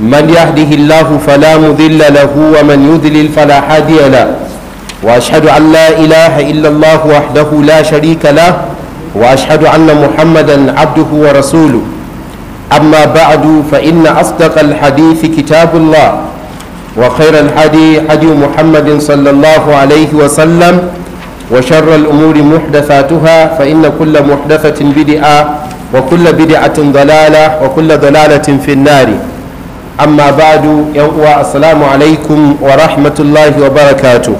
من يهده الله فلا مضل له ومن يضلل فلا هادي له واشهد ان لا اله الا الله وحده لا شريك له واشهد ان محمدا عبده ورسوله اما بعد فان اصدق الحديث كتاب الله وخير الهدي هدي محمد صلى الله عليه وسلم وشر الامور محدثاتها فان كل محدثه بدعه وكل بدعه ضلاله وكل ضلاله في النار amma badu yan uwa assalamu alaikum wa rahmatullahi wa barakatu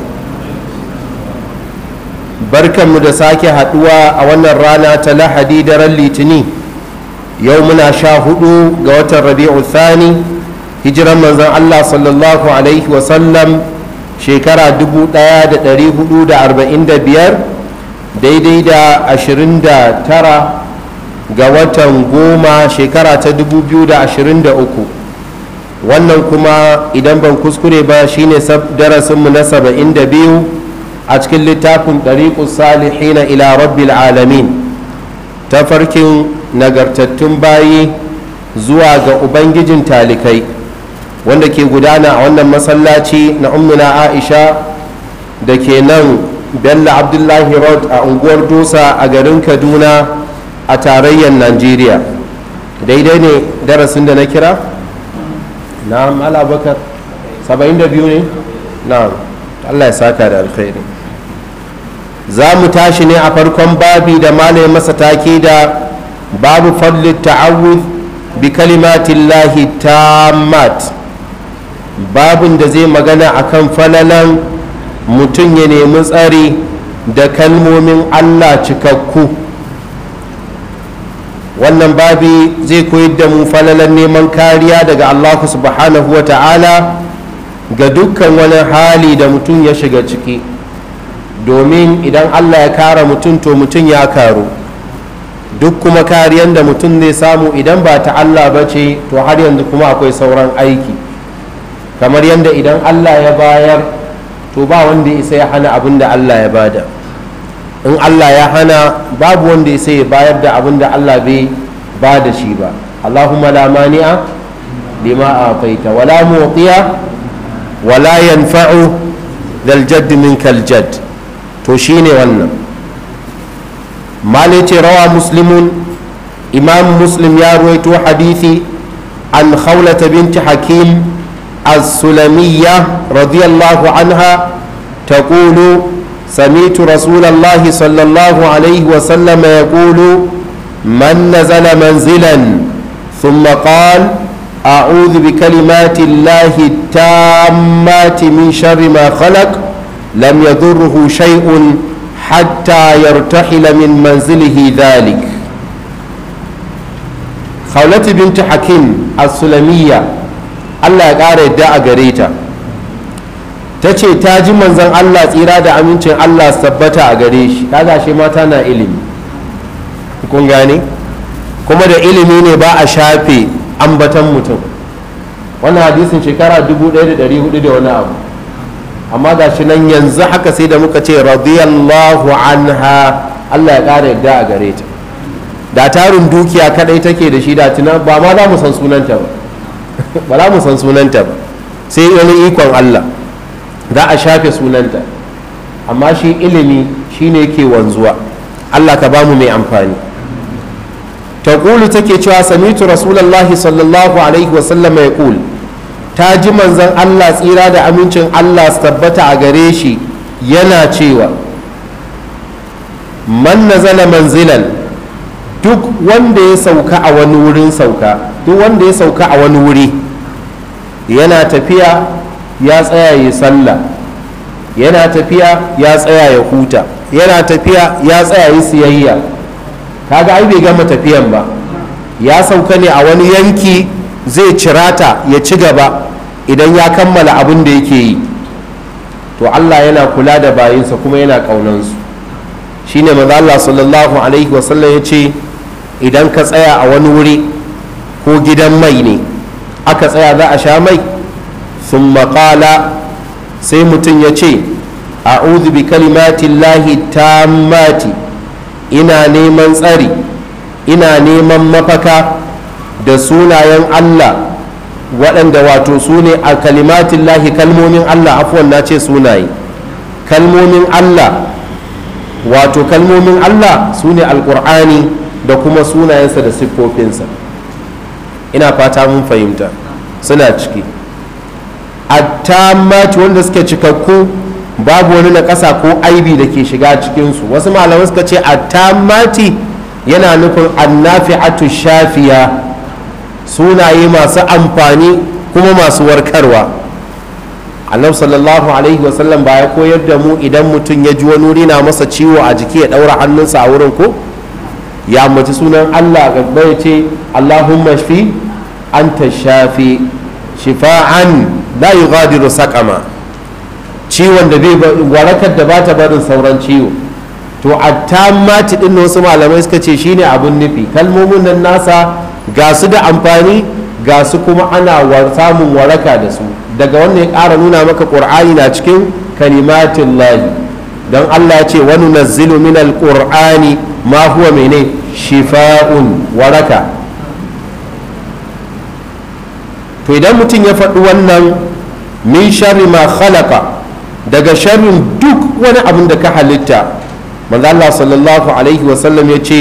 barkanmu da sake haduwa a wannan rana ta lahadi daren litini yau muna sha hudu ga watan rabi'u thani hijiran manzan allah sallallahu alaihi wasallam shekara 1445 daidai da 29 ga watan goma shekara ta 2023 wannan kuma idan ban kuskure ba shine darasinmu na saba'in da biyu a cikin littafin ɗariƙu salihina ila rabbil alamin ta farkin nagartattun bayi zuwa ga ubangijin talikai wanda ke gudana a wannan masallaci na ummuna aisha da ke nan bello abdullahi road a unguwar dosa a garin kaduna a tarayyar najeriya daidai ne darasin da na kira? na'am alabakar 72 ne na'am allah ya saka da alkhairi za mu tashi ne a farkon babi da malamin masa take da babu fadlin ta'awud bi kalimatillahi tammat babin da zai magana akan falalan mutum ya nemi tsari da kalmomin allah cikakku wannan babi zai koyar da mu falalan neman kariya daga allah subhanahu wa ta'ala ga dukkan wani hali da mutum ya shiga ciki domin idan allah ya kara mutum to mutum ya karu duk kuma kariyar da mutum zai samu idan ba ta allah ba ce to har yanzu kuma akwai sauran aiki kamar yadda idan allah ya bayar to ba wanda isa ya hana abin da allah ya bada in allah ya hana babu wanda ya sai bayar da abin da Allah bai ba da shi ba Allahumma la mani'a lima afaita wala muqiya wala yanfa'u dal jadd minkal jadd to shine wannan ce rawa muslimun imam muslim ya ruwaito hadithi an khawlata binti hakim as-sulamiyya radiyallahu anha taqulu سمعت رسول الله صلى الله عليه وسلم يقول من نزل منزلا ثم قال أعوذ بكلمات الله التامات من شر ما خلق لم يضره شيء حتى يرتحل من منزله ذلك خولة بنت حكيم السلمية الله قال يدعى قريتا ta ce ta ji manzan Allah tsira da amincin Allah tabbata a gare shi kaga shi mata na ilimi kun gane kuma da ilimi ne ba a shafe ambatan mutum wannan hadisin shekara 1400 da wani abu amma ga shi nan yanzu haka sai da muka ce radiyallahu anha Allah ya ƙara yadda a gare ta da tarin dukiya kadai take da shi da tuna ba ma za mu san sunanta ba ba za mu san sunanta ba sai wani ikon Allah za a shafe sunanta amma shi ilimi shine ke wanzuwa Allah ka bamu mai amfani Ta taqulu take cewa samitu rasulullahi sallallahu alaihi sallam ya kul ta ji manzon Allah tsira da amincin Allah su tabbata a gare shi yana cewa man nazala manzilan duk wanda ya sauka a wani wurin sauka duk wanda ya sauka a wani wuri yana tafiya ya tsaya ya sallah yana tafiya ya tsaya ya huta yana tafiya ya tsaya ya siyayya kaga ai bai gama tafiyan ba ya sauka ne a wani yanki zai cirata ya ci gaba idan ya kammala abin da yake yi to Allah yana kula da bayinsa kuma yana ƙaunansu shi maza Allah sallallahu alaihi wasallam ya ce idan ka tsaya a wani wuri ko gidan mai ne aka tsaya za a sha mai sun makala sai mutum ya ce a bi kalimatin lahi mati ina neman tsari ina neman mafaka da sunayen allah waɗanda wato su ne a kalimatin lahi kalmomin allah afuwan na ce sunaye kalmomin allah wato kalmomin allah su ne alƙur'ani da kuma sunayensa da siffofinsa ina fata mun fahimta suna ciki attammatu wanda suke cikakku babu wani na ƙasa ko aibi da ke shiga cikinsu wasu malamai suka ce attammati yana nufin annafi'atu shafiya sunaye masu amfani kuma masu warkarwa annabi sallallahu alaihi wasallam ba ya koyar da mu idan mutum ya ji wani wuri na masa ciwo a jiki ya ɗaura hannunsa a wurin ko ya mace sunan allah gaba ya ce allahumma shafi anta shafi shifa'an la yughadiru saqama ciwon da bai warakar da bata barin sauran ciwo to attammati din wasu malamai suka ce shine abun nufi kalmomin nan nasa ga su da amfani ga su kuma ana samun waraka da su daga wannan ya ƙara nuna maka ƙur'ani na cikin kalimatin lahi don allah ce wani nazilu min qur'ani ma huwa mene shifa'un waraka to idan mutum ya faɗi wannan min sharri ma khalaqa daga sharrin duk wani abin da ka halitta manzo Allah sallallahu alaihi wasallam ya ce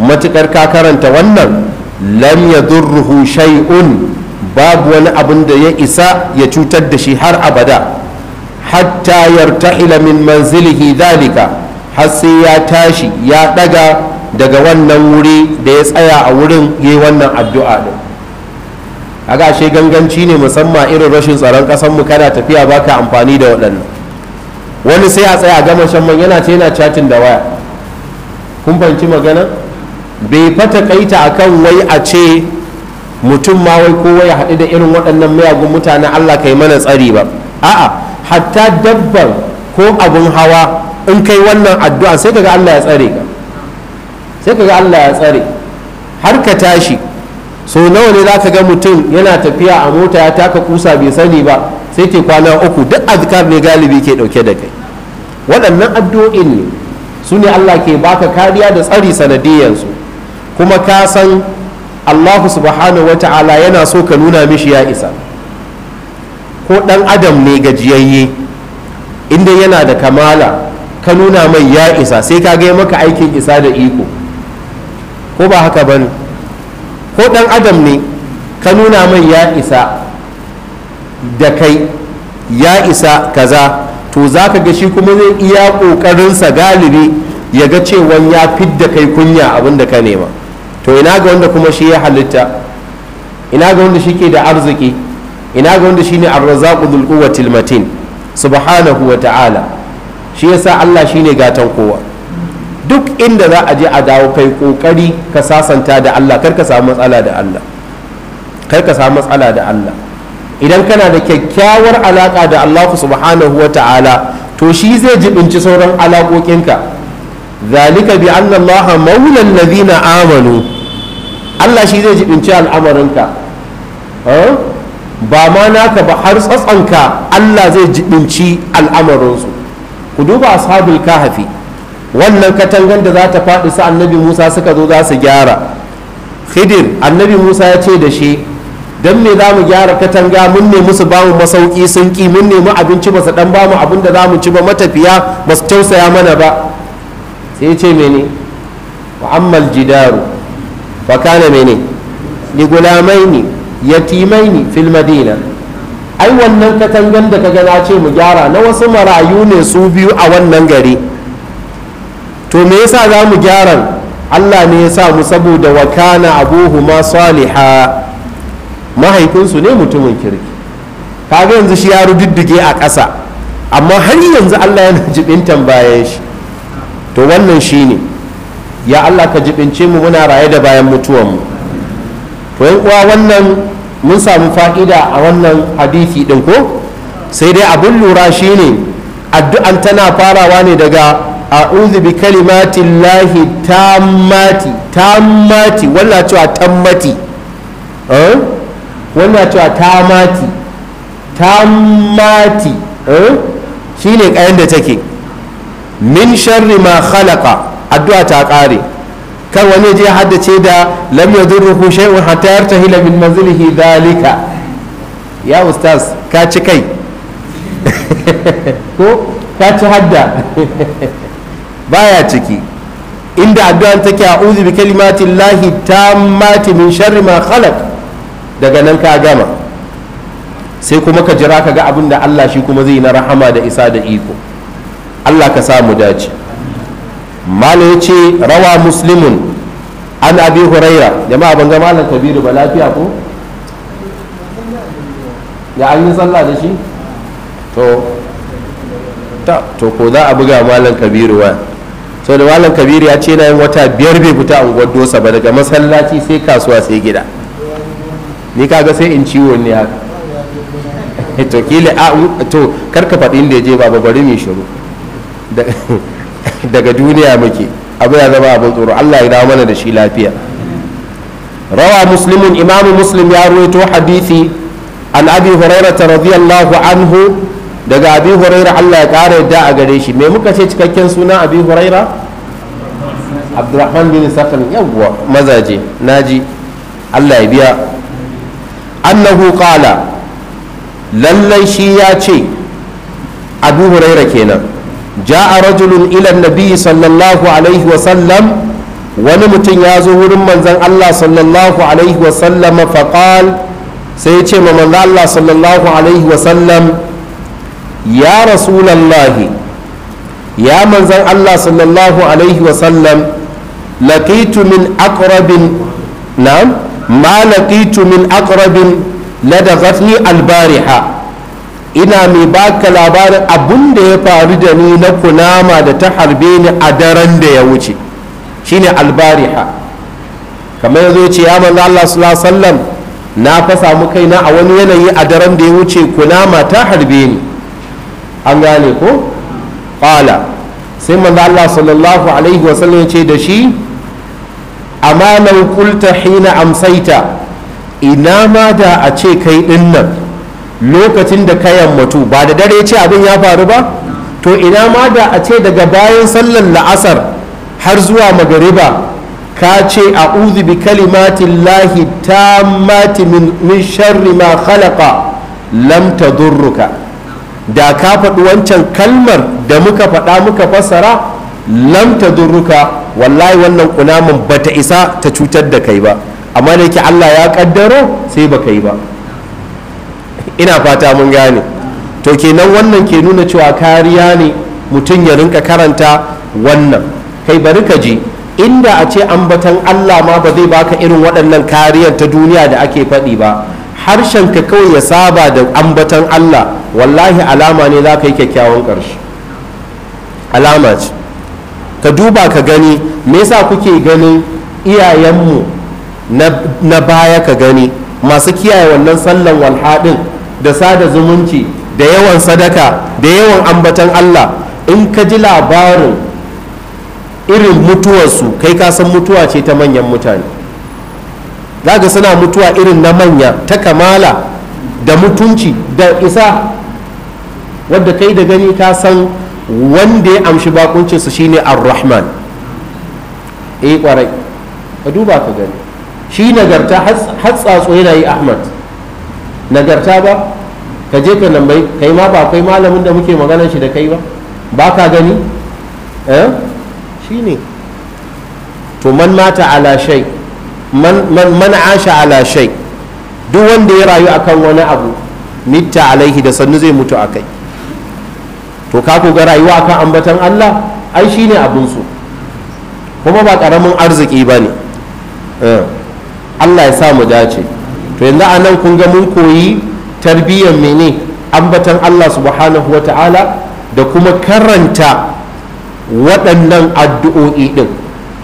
matuƙar ka karanta wannan lam yadurruhu shay'un babu wani abin da ya isa ya cutar da shi har abada hatta yarta min manzilihi dalika har sai ya tashi ya daga daga wannan wuri da ya tsaya a wurin yi wannan addu'a din a gashe ganganci ne musamman irin rashin tsaron ƙasar mu kana tafiya baka amfani da waɗannan wani sai a tsaya a gama shan man yana ce yana chatting da waya kun fahimci magana bai fata kaita akan wai a ce mutum ma wai kowa ya haɗu da irin waɗannan miyagun mutanen allah kai mana tsari ba a'a hatta dabbar ko abun hawa in kai wannan addu'a sai kaga allah ya tsare ka sai kaga allah ya tsare har ka tashi so nawa ne za ka ga mutum yana tafiya a mota ya taka kusa bai sani ba sai ke kwana uku duk azkar ne galibi ke dauke da kai waɗannan addu'o'in ne su ne Allah ke baka kariya da tsari su kuma ka san Allah subhanahu wata'ala yana so ka nuna mishi ya isa ko ɗan adam ne gajiyayye inda yana da kamala ka nuna mai ya isa sai ka ga maka aikin isa da iko ko ba haka bane ko ɗan adam ne ka nuna mai ya isa da kai ya isa kaza to za ka ga shi kuma zai iya ƙoƙarinsa galibi ya ga cewa ya fidda kai kunya abin da ka nema to ina ga wanda kuma shi ya halitta ina ga wanda shi ke da arziki ina ga wanda shi ne arrazaku dhul subhanahu wa ta'ala shi yasa Allah shine gatan kowa duk inda za a je a dawo kai kokari ka sasanta da Allah kar ka samu matsala da Allah kar ka samu matsala da Allah idan kana da kyakkyawar alaka da Allah subhanahu wa ta'ala to shi zai jibinci sauran alaƙoƙinka zalika bi anna Allah maula alladhina amanu Allah shi zai jibinci al'amarinka eh? ba ma naka ba har tsatsanka Allah zai jibinci al'amarinsu ku duba ashabul kahfi wannan katangan da za ta faɗi su annabi musa suka zo za su gyara khidir annabi musa ya ce da shi don me za mu gyara katanga mun nemi su bamu masauki sun ki mun nemi abinci ba su dan bamu abin da za mu ci ba matafiya ba su tausaya mana ba sai ce mene jidaru fa kana mene li gulamaini yatimaini fil madina ai wannan katangan da kaga na ce mu gyara na wasu marayu ne su biyu a wannan gari to me yasa za mu gyara Allah ne ya sa mu saboda wakana abu abuhuma saliha mahaifinsu ne mutumin kirki kaga yanzu shi ya rududdige a ƙasa amma har yanzu Allah yana jibintan bayan shi to wannan shi ne ya Allah ka jibince mu muna raye da bayan mutuwanmu to yan uwa wannan mun samu fa'ida a wannan hadisi ɗin ko sai dai abin lura shi ne, addu'an tana farawa ne daga a'udhu bi kalimati lahi tammati tammati wannan cewa tammati eh? wannan cewa tamati tammati eh? shine kayan da take min sharri ma khalaqa addu'a ta kare kar wani je haddace da lam yadurruhu shay'un hatta yartahila min manzilihi dalika ya ustaz ka ci kai ko ka ci hadda baya ciki inda addu'an take a'udhu bi kalimati llahi tammati min sharri ma khalaq daga nan ka gama sai kuma ka jira ka ga abin da Allah shi kuma zai na rahama da isa da iko Allah ka samu dace malam yace rawa muslimun an abi huraira jama'a ban ga malam kabiru ba lafiya ko ya an yi sallah da shi to ta to ko za a buga malam kabiru wa sau da malam kabir ya ce na yin wata biyar bai fita unguwar dosa ba daga masallaci sai kasuwa sai gida ni kaga sai in ciwo ne haka to kila a to karka faɗi inda ya je ba bari mai shiru daga duniya muke abu ya zama abin tsoro Allah ya dawo mana da shi lafiya rawa muslimun imamu muslim ya ruwaito hadisi an abi hurairata radiyallahu anhu daga abi huraira allah ya kara yadda a gare shi mai muka ce cikakken suna abi huraira abdurrahman bin sakan yawwa mazaje naji allah ya biya annahu qala lallai shi ya ce abu huraira kenan ja'a rajulun ila nabi sallallahu alaihi wa sallam wani mutum ya zo wurin manzon allah sallallahu alaihi wa sallama faqal sai ya ce ma manzon allah sallallahu alaihi wa sallam ya rasulallahi ya manzan allah sallallahu alaihi wasallam laqitu min akrabin na ma laqitu min albariha ina mai baka labarin abun da ya faru da ni na kunama da ta harbe ni a daren da ya wuce shine albariha kamar yanzu ce ya manzan Allah sallallahu alaihi wasallam na fasa samu kaina a wani yanayi a daren da ya wuce kunama ta harbe ni an gane ko ƙwala sai manzo Allah sallallahu alaihi wasallam ya ce da shi a manan kulta hina amsaita ina ma da a ce kai din lokacin da ka yammatu ba da dare ce abin ya faru ba to ina ma da a ce daga bayan sallan la'asar har zuwa magariba ka ce a bi kalimatin lahi ta mati min sharri ma khalaqa lam durruka. da ka faɗi wancan kalmar da muka faɗa muka fassara lam durruka wallahi wannan kunamin bata isa ta cutar da kai ba amma da yake Allah ya kaddaro sai baka yi ba ina fata mun gane to kenan wannan ke nuna cewa kariya ne mutum ya rinka karanta wannan kai bari ka je inda a ce ambatan Allah ma ba zai baka irin waɗannan kariyar ta duniya da ake faɗi ba harshen ka kawai ya saba da ambatan Allah wallahi alama ne za ka yi kyakkyawan ƙarshe alama ce ka duba ka gani me yasa kuke ganin iyayenmu na baya ka gani masu kiyaye wannan sallan walhaɗin da sada zumunci da yawan sadaka da yawan ambatan allah in ka ji labarin irin mutuwarsu kai ka san mutuwa ce ta manyan mutane za suna mutuwa irin na manya ta kamala da mutunci da isa wadda kai da gani ka san wanda ya amshi bakuncinsa shine ar-rahman eh kwarai ka duba ka gani shi nagarta hatsatso yana yi ahmad nagarta ba ka je ka nambai kai ma ba kai malamin da muke maganar shi da kai ba ba ka gani eh shi ne to man mata ala shai man man asha ala shai duk wanda ya rayu akan wani abu mitta alaihi da sannu zai mutu akai to ka ga rayuwa kan ambatan Allah ai shine abin su kuma ba karamin arziki ba ne eh, Allah ya sa mu dace to yanzu a kun ga mun koyi tarbiyyar mene ambatan Allah subhanahu wa ta'ala da kuma karanta waɗannan addu'o'i ɗin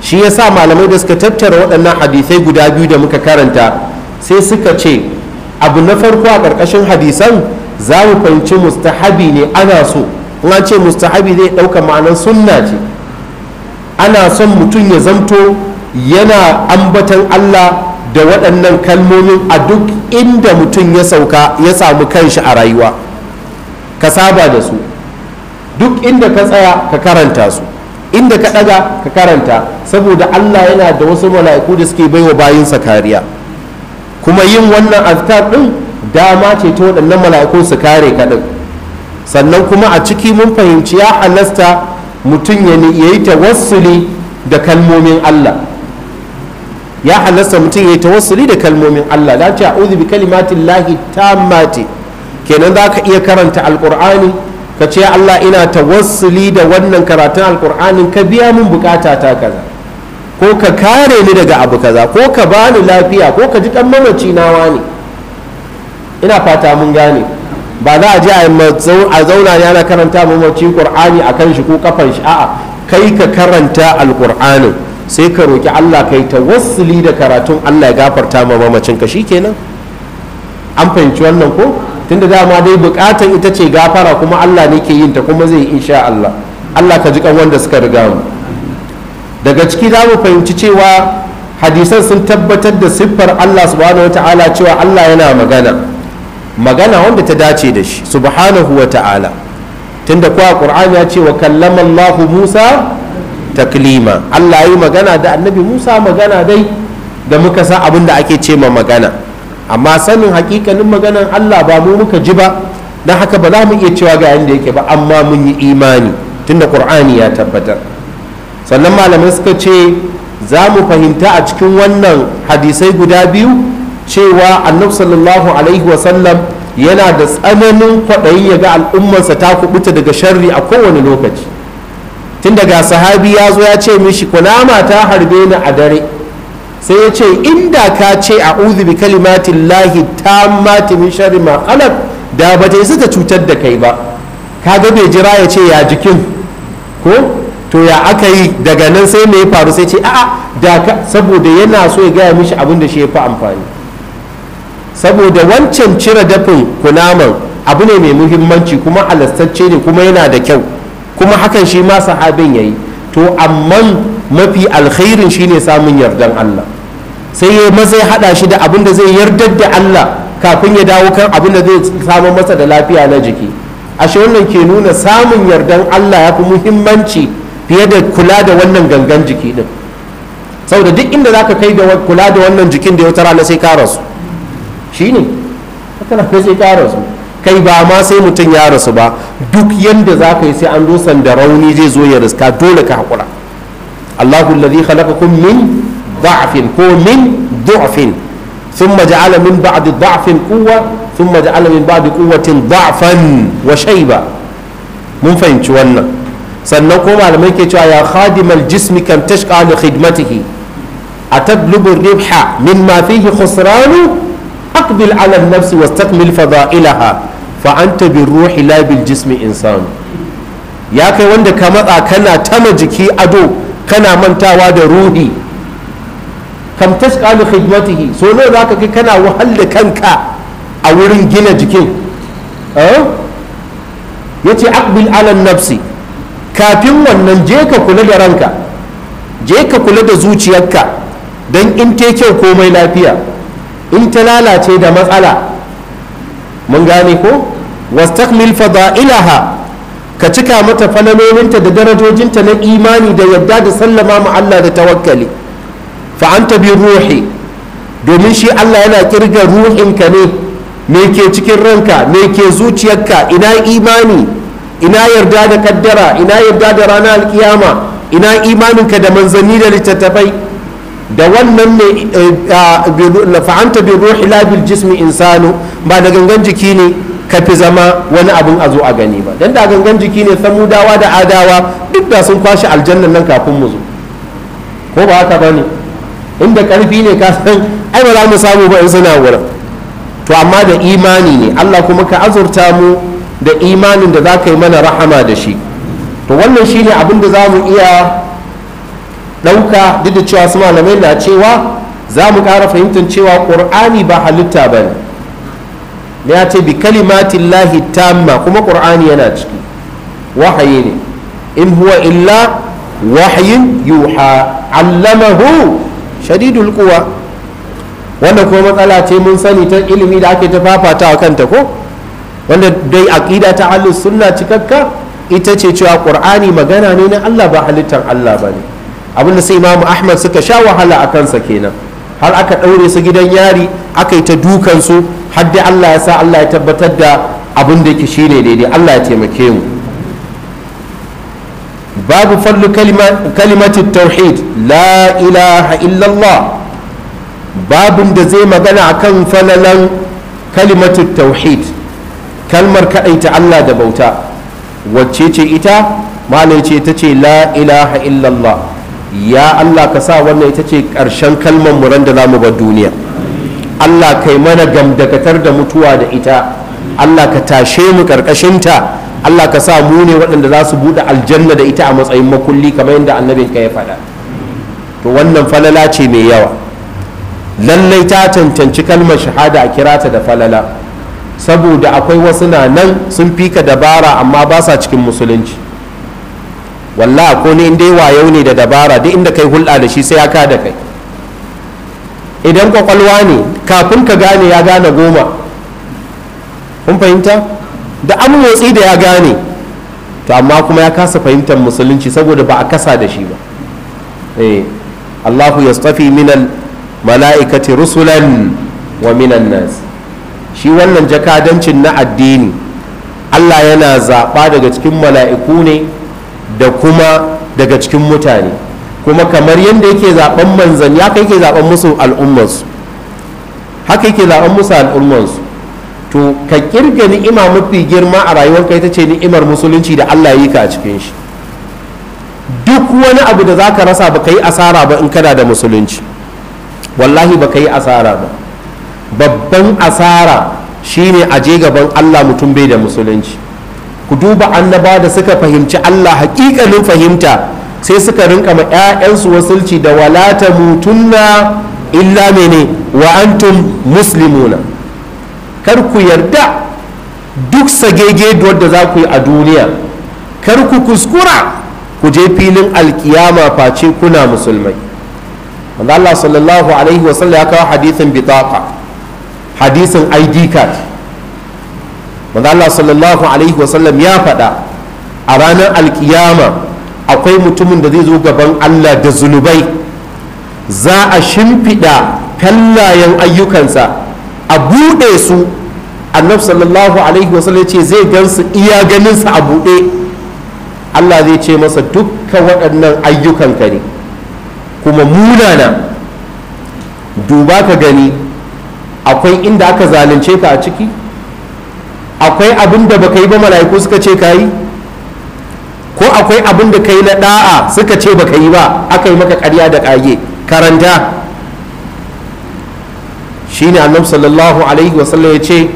shi ya sa malamai da suka tattara waɗannan hadisai guda biyu da muka karanta sai suka ce abu na farko a ƙarƙashin hadisan za mu fahimci mustahabi ne ana so in ce mustahabi zai ɗauka ma'anar sunna ce ana son mutum ya zamto yana ambatan allah da waɗannan kalmomin a duk inda mutum ya sauka ya samu kanshi a rayuwa ka saba da su duk inda ka tsaya ka karanta su inda ka ɗaga ka karanta saboda allah yana da wasu mala'iku da suke baiwa bayinsa kariya kuma yin wannan azkar ɗin dama ce ta waɗannan mala'iku su kare ka ɗin sannan kuma a ciki mun fahimci ya halasta mutum ya yi tawassuli da kalmomin Allah ya halasta mutum ya yi tawassuli da kalmomin Allah da ce a'udhu bi kalimatin lahi tammati kenan za ka iya karanta alkur'ani ka ce Allah ina tawassuli da wannan karatun alkur'anin ka biya mun bukata ta kaza ko ka kare ni daga abu kaza ko ka bani lafiya ko ka ji dan mamaci nawa ne ina fata mun gane ba za a je a zauna ne ana karanta mamaci qur'ani a kan shi ko kafan shi a'a kai ka karanta alqur'anin sai ka roki Allah kai wasuli da karatun Allah ya gafarta ma mamacin ka shikenan an fahimci wannan ko tunda dama dai bukatan ita ce gafara kuma Allah ne ke yin ta kuma zai insha Allah Allah ka ji kan wanda suka riga mu daga ciki za mu fahimci cewa hadisan sun tabbatar da siffar Allah subhanahu wataala cewa Allah yana magana magana wanda ta dace da shi subhanahu wa ta'ala tunda kuwa qur'an ya ce wa kallama Allah Musa taklima Allah yi magana da annabi Musa magana dai da muka san abin da ake ce ma magana amma sanin hakikanin maganan Allah ba mu muka ji ba don haka ba za mu iya cewa ga yanda yake ba amma mun yi imani tunda qur'ani ya tabbatar sannan malamai suka ce za mu fahimta a cikin wannan hadisai guda biyu cewa annabi sallallahu alaihi wasallam yana da tsananin kwaɗayi ya ga al'ummarsa ta kubuta daga sharri a kowane lokaci tun daga sahabi ya zo ya ce mishi kunama ta harbe ni a dare sai ya ce inda ka ce a bi kalimatin lahi ta mati min sharri ma khalaq da ba ta isa ta cutar da kai ba ka ga bai jira ya ce ya jikin ko to ya aka yi daga nan sai mai faru sai ce a'a da saboda yana so ya gaya mishi abin da shi ya fi amfani saboda wancan cire dafin kunaman abu ne mai muhimmanci kuma halastacce ne kuma yana da kyau kuma hakan shi ma sahabin ya yi to amma mafi alkhairin shi ne samun yardan Allah sai ya maza ya hada shi da abin da zai yardar da Allah kafin ya dawo kan abin da zai samu masa da lafiya na jiki ashe wannan ke nuna samun yardan Allah ya fi muhimmanci fiye da kula da wannan gangan jiki din saboda duk inda zaka kai da kula da wannan jikin da ya tara na sai ka rasu shine kana na sai ka rasu kai ba ma sai mutum ya rasu ba duk yadda za ka yi sai an zo da rauni zai zo ya riska dole ka haƙura allahu alladhi khalaqakum min ضعف ko min ضعف ثم جعل من بعد ضعف قوة ثم جعل من بعد قوة ضعفا وشيبة mun fahimci wannan sannan ko malamai ke cewa ya khadimal jismi kam tashqa li khidmatihi atadlubu ribha mimma fihi khusranu aqbil ala nafsi wastakmil fada'ilaha fa anta jismi insanu ya kai wanda ka matsa kana tama jiki ado kana mantawa da ruhi kam tashqalu khidmatihi so ne zaka kai kana wahal kanka a wurin gina jikin yace aqbil ala nafsi kafin wannan je ka kula da ranka je ka kula da zuciyarka don in te kyau komai lafiya in ta lalace da matsala mun gane ko wastakmil fada'ilaha ka cika mata falalolinta da darajojinta na imani da yadda da sallama mu Allah da tawakkali fa anta bi ruhi domin shi Allah yana kirga ruhinka ne me ke cikin ranka me ke zuciyarka ina imani ina yarda da kaddara ina yarda da ranar alkiyama ina imaninka da manzanni da littattafai da wannan ne eh, fa'anta bi ruhi labil jismi insanu ba da gangan jiki ne ka fi zama wani abin a zo a gani ba don da gangan jiki ne samudawa da adawa duk da sun kwashe aljannan nan kafin mu zo ko ba haka ne inda karfi ne ka san ai ba za mu samu ba in suna wurin to amma da imani ne Allah kuma ka azurta mu da imanin da za ka yi mana rahama da shi to wannan shine abin da za mu iya ɗauka duk da cewa su malamai na cewa za mu ƙara fahimtar cewa ƙur'ani ba halitta ba ne ya ce bi kalimatin lahi tamma kuma ƙur'ani yana ciki wahayi ne in huwa illa wahayin yuha allamahu shadidul kuwa wannan kuma matsala ce mun sani ta ilimi da ake ta fafata a kanta ko wanda dai aƙida ta ahlus sunna cikakka ita ce cewa ƙur'ani magana ne na Allah ba halittar Allah ba ne abinda da sai imamu ahmad suka sha wahala a kansa kenan har aka ɗaure su gidan yari aka yi ta dukansu har da allah ya sa allah ya tabbatar da abin da yake shine daidai allah ya taimake mu babu fallu kalimatin tauhid la ilaha illallah babin da zai magana a kan falalan kalimatin tauhid kalmar kaɗaita allah da bauta wacce ce ita malai ce ta ce la ilaha illallah ya allah ka sa wannan ita ce ƙarshen kalmar mu da za mu bar duniya allah kai mana gamdakatar da mutuwa da ita allah ka tashe mu ƙarƙashinta allah ka sa mu ne waɗanda za su buɗe aljanna da ita a matsayin makulli kamar yadda annabi ka ya faɗa to wannan falala ce mai yawa lallai ta cancanci kalmar shahada a kirata da falala saboda akwai wasu na nan sun fika dabara amma ba sa cikin musulunci walla ko ne in dai wayo ne da dabara duk inda kai hulɗa da shi sai ya ka da kai idan kwakwalwa ne kafin ka gane ya gane goma kun fahimta da an motsi da ya gane to amma kuma ya kasa fahimtar musulunci saboda ba a kasa da shi ba eh Allahu yastafi minal mala'ikati rusulan wa minan nas shi wannan jakadancin na addini Allah yana zaɓa daga cikin mala'iku ne da kuma daga cikin mutane kuma kamar yadda yake zaben manzanni haka yake zaben musu al'ummarsu haka yake zaben musu al'ummarsu to ka kirga ni'ima mafi girma a rayuwar kai ita ce ni'imar musulunci da Allah yi ka a cikin shi duk wani abu da zaka rasa baka yi asara ba in kana da musulunci wallahi baka yi asara ba babban asara shine a je gaban Allah mutum bai da musulunci ku duba annaba da suka fahimci Allah haƙiƙanin fahimta sai suka rinka ma 'ya'yansu wasulci da walata mutunna illa mene wa antum muslimuna kar ku yarda duk sagege da za ku yi a duniya kar ku kuskura ku je filin alkiyama face kuna musulmai Allah sallallahu alaihi wasallam ya kawo hadisin bitaka hadisin ID card manzo Allah sallallahu alaihi wa sallam ya faɗa a ranar alƙiyama akwai mutumin da zai zo gaban Allah da zunubai za a shimfiɗa fallayen ayyukansa a buɗe su annabi sallallahu alaihi wasallam ce zai gan su iya ganin ganinsa a buɗe Allah zai ce masa dukkan waɗannan ayyukan ka ne kuma munana duba ka gani akwai inda aka zalunce ka a ciki akwai abin da baka yi ba mala'iku suka ce ka yi ko akwai abin da ka yi na da'a suka ce baka yi ba aka yi maka karya da ƙage karanta shi ne annabi sallallahu alaihi wasallam ya ce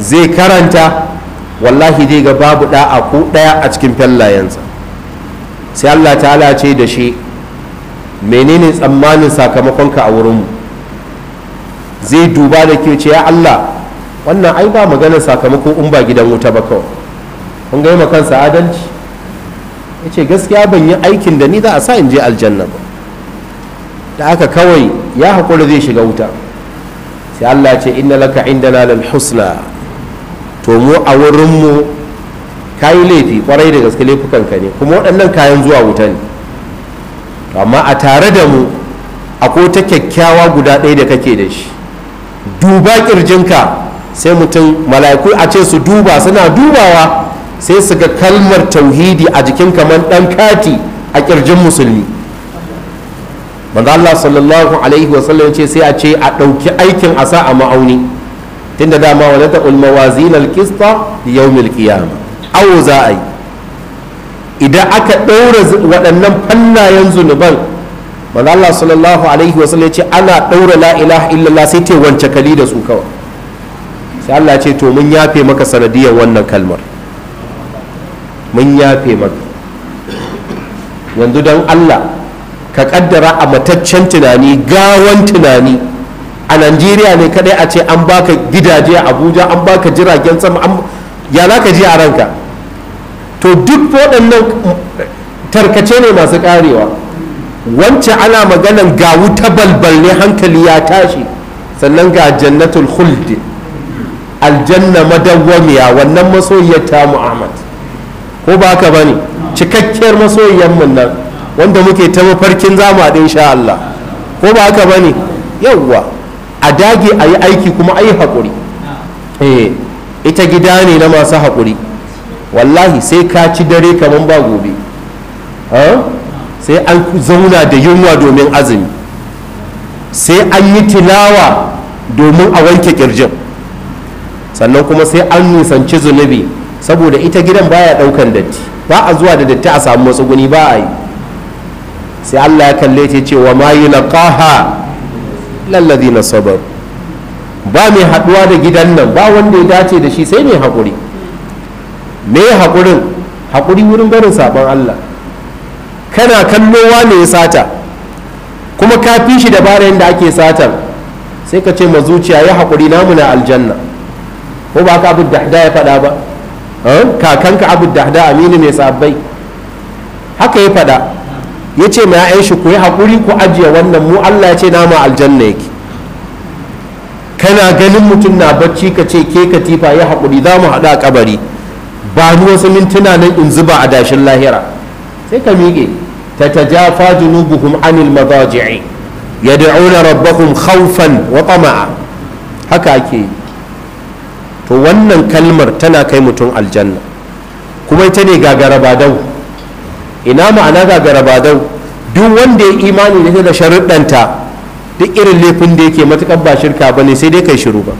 zai karanta wallahi zai ga babu da'a ko ɗaya a cikin fallayensa sai Allah ta'ala ce da shi menene tsammanin sakamakonka a wurinmu zai duba da ke ce ya Allah wannan ai ba maganar sakamako in ba gidan wuta ba kawai kun ga ma kansa adalci ya ce gaskiya ban yi aikin da ni za a sa in je aljanna ba da aka kawai ya haƙura zai shiga wuta sai allah ce inna laka indana lal husna to mu a wurinmu ka yi laifi kwarai da gaske laifukanka ne kuma waɗannan kayan zuwa wuta ne amma a tare da mu akwai ta kyakkyawa guda ɗaya da kake da shi duba ƙirjinka sai mutum mala'iku a ce su duba suna dubawa sai su ga kalmar tauhidi a jikin kamar dan kati a kirjin musulmi manzo Allah sallallahu alaihi wasallam ce sai a ce a ɗauki aikin asa a ma'auni tun da dama wani taqul mawazin al yau milkiyama awo za a yi za idan aka ɗaura waɗannan fannayen zunuban manzo Allah sallallahu alaihi wasallam ce ana ɗaura la ilaha illallah sai te wance kali da su kawai sai Allah ce to mun yafe maka sanadiyar wannan kalmar mun yafe maka yanzu don Allah ka kaddara a mataccen tunani gawan tunani a Najeriya ne kadai a ce an baka gidaje a Abuja an baka jiragen sama ya za ka ji a ranka to duk waɗannan tarkace ne masu karewa wancan ana maganan ga wuta balbal ne hankali ya tashi sannan ga jannatul khuldi aljanna madawwamiya wannan masoyiyar ta mu'amad ko ba ka bane cikakkiyar masoyiyar mun nan wanda muke ta mafarkin zamu haɗu insha Allah ko ba ka bane yawwa a dage a yi aiki kuma a yi haƙuri eh, ita gida ne na masu haƙuri wallahi sai ka ci dare kaman ba gobe sai an zauna da yunwa domin azumi sai an yi tilawa domin a wanke kirjin sannan kuma sai an nisanci zunubi saboda ita gidan baya daukan datti ba a zuwa da datti a samu matsuguni ba a yi sai allah ya kalle ta ce wa ma yi lallazi na sabar ba mai haɗuwa da gidan nan ba wanda ya dace da shi sai mai haƙuri me haƙurin haƙuri wurin barin sabon allah kana kallowa ne ya sata kuma ka fi shi dabarar yadda ake satan sai ka ce ma zuciya ya haƙuri namu na aljanna ko ba ka abu dahda ya faɗa ba ka abu dahda aminu mai sabbai haka ya faɗa ya ce ma ya'yan shi ku yi haƙuri ku ajiye wannan mu allah ya ce nama aljanna yake kana ganin mutum na bacci ka ce ke katifa ya haƙuri za mu haɗu a kabari ba ni wasu mintuna nan in zuba a dashin lahira sai ka miƙe ta tajafa junubuhum anil ya yad'una rabbahum khawfan wa tama'a haka ake yi to wannan kalmar tana kai mutum aljanna kuma ita ne gagara badau ina ma'ana gagara badau duk wanda ya imani da da sharuɗanta duk irin laifin da yake matuƙar ba shirka ba ne sai dai kai shiru ba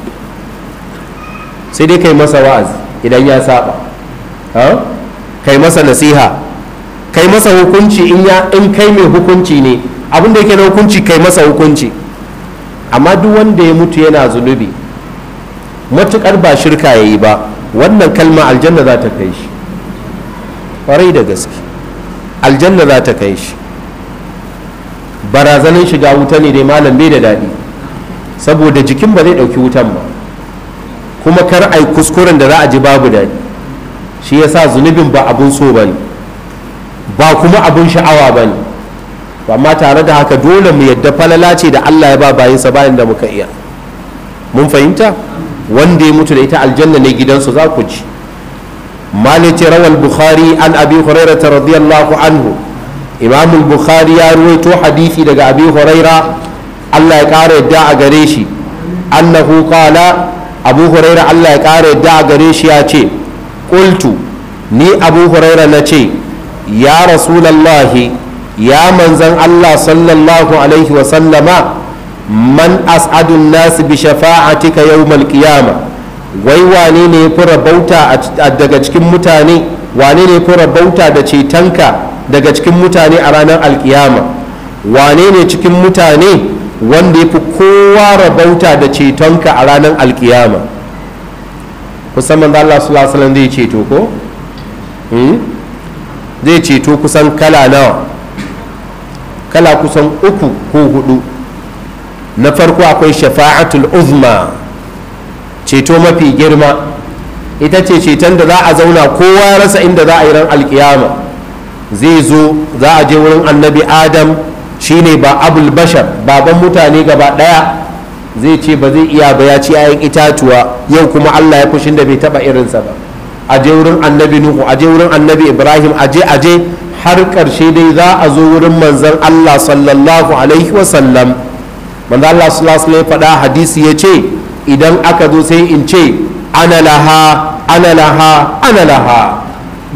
sai dai kai masa wa'azi idan ya saba kai masa nasiha kai masa hukunci in ya in kai mai hukunci ne abinda yake na hukunci kai masa hukunci amma duk wanda ya mutu yana zunubi matuƙar ba shirka ya yi ba wannan kalma aljanna za ta kai shi ƙwarai da gaske aljanna za ta kai shi barazanin shiga wuta ne dai malam bai da daɗi saboda jikin ba zai ɗauki wutan ba kuma kar ai kuskuren da za a ji babu daɗi shi yasa zunubin ba abun so ba ne ba kuma abun sha'awa ba ne amma tare da haka dole mu yadda falala ce da allah ya ba bayansa bayan da muka iya mun fahimta wanda ya mutu da ita aljanna ne gidansu za ku ci malice rawal bukhari an abi ta radiyallahu anhu imamul bukhari ya ruwaito hadisi daga abi huraira allah ya kara yadda a gare shi annahu qala abu huraira allah ya kara yadda a gare shi ya ce qultu ni abu huraira na ce ya rasulallahi ya manzan allah sallallahu alaihi wa sallama man as'adun nasu bi shafa'atika yawmal qiyama wai wane ne fi rabauta daga cikin mutane wane ne fi rabauta da cetonka daga cikin mutane a ranar alkiyama wane ne cikin mutane wanda ya fi kowa rabauta da cetonka a ranar alkiyama kusan manzo Allah sallallahu alaihi zai ceto ko hmm? zai ceto kusan kala nawa kala kusan uku ko hudu na farko akwai shafa'atul uzma ceto mafi girma ita ce ceton da za a zauna kowa rasa inda za a yi ran alkiyama zai zo za a je wurin annabi adam shine ba abul bashar baban mutane gaba daya zai ce ba zai iya ba ya ci yayin itatuwa yau kuma allah ya fushin da bai taba irinsa ba a je wurin annabi nuhu a je wurin annabi ibrahim a je a je har karshe dai za a zo wurin manzon allah sallallahu alaihi wasallam manzo Allah sallallahu alaihi faɗa hadisi ya ce idan aka zo sai in ce ana laha ana laha ana laha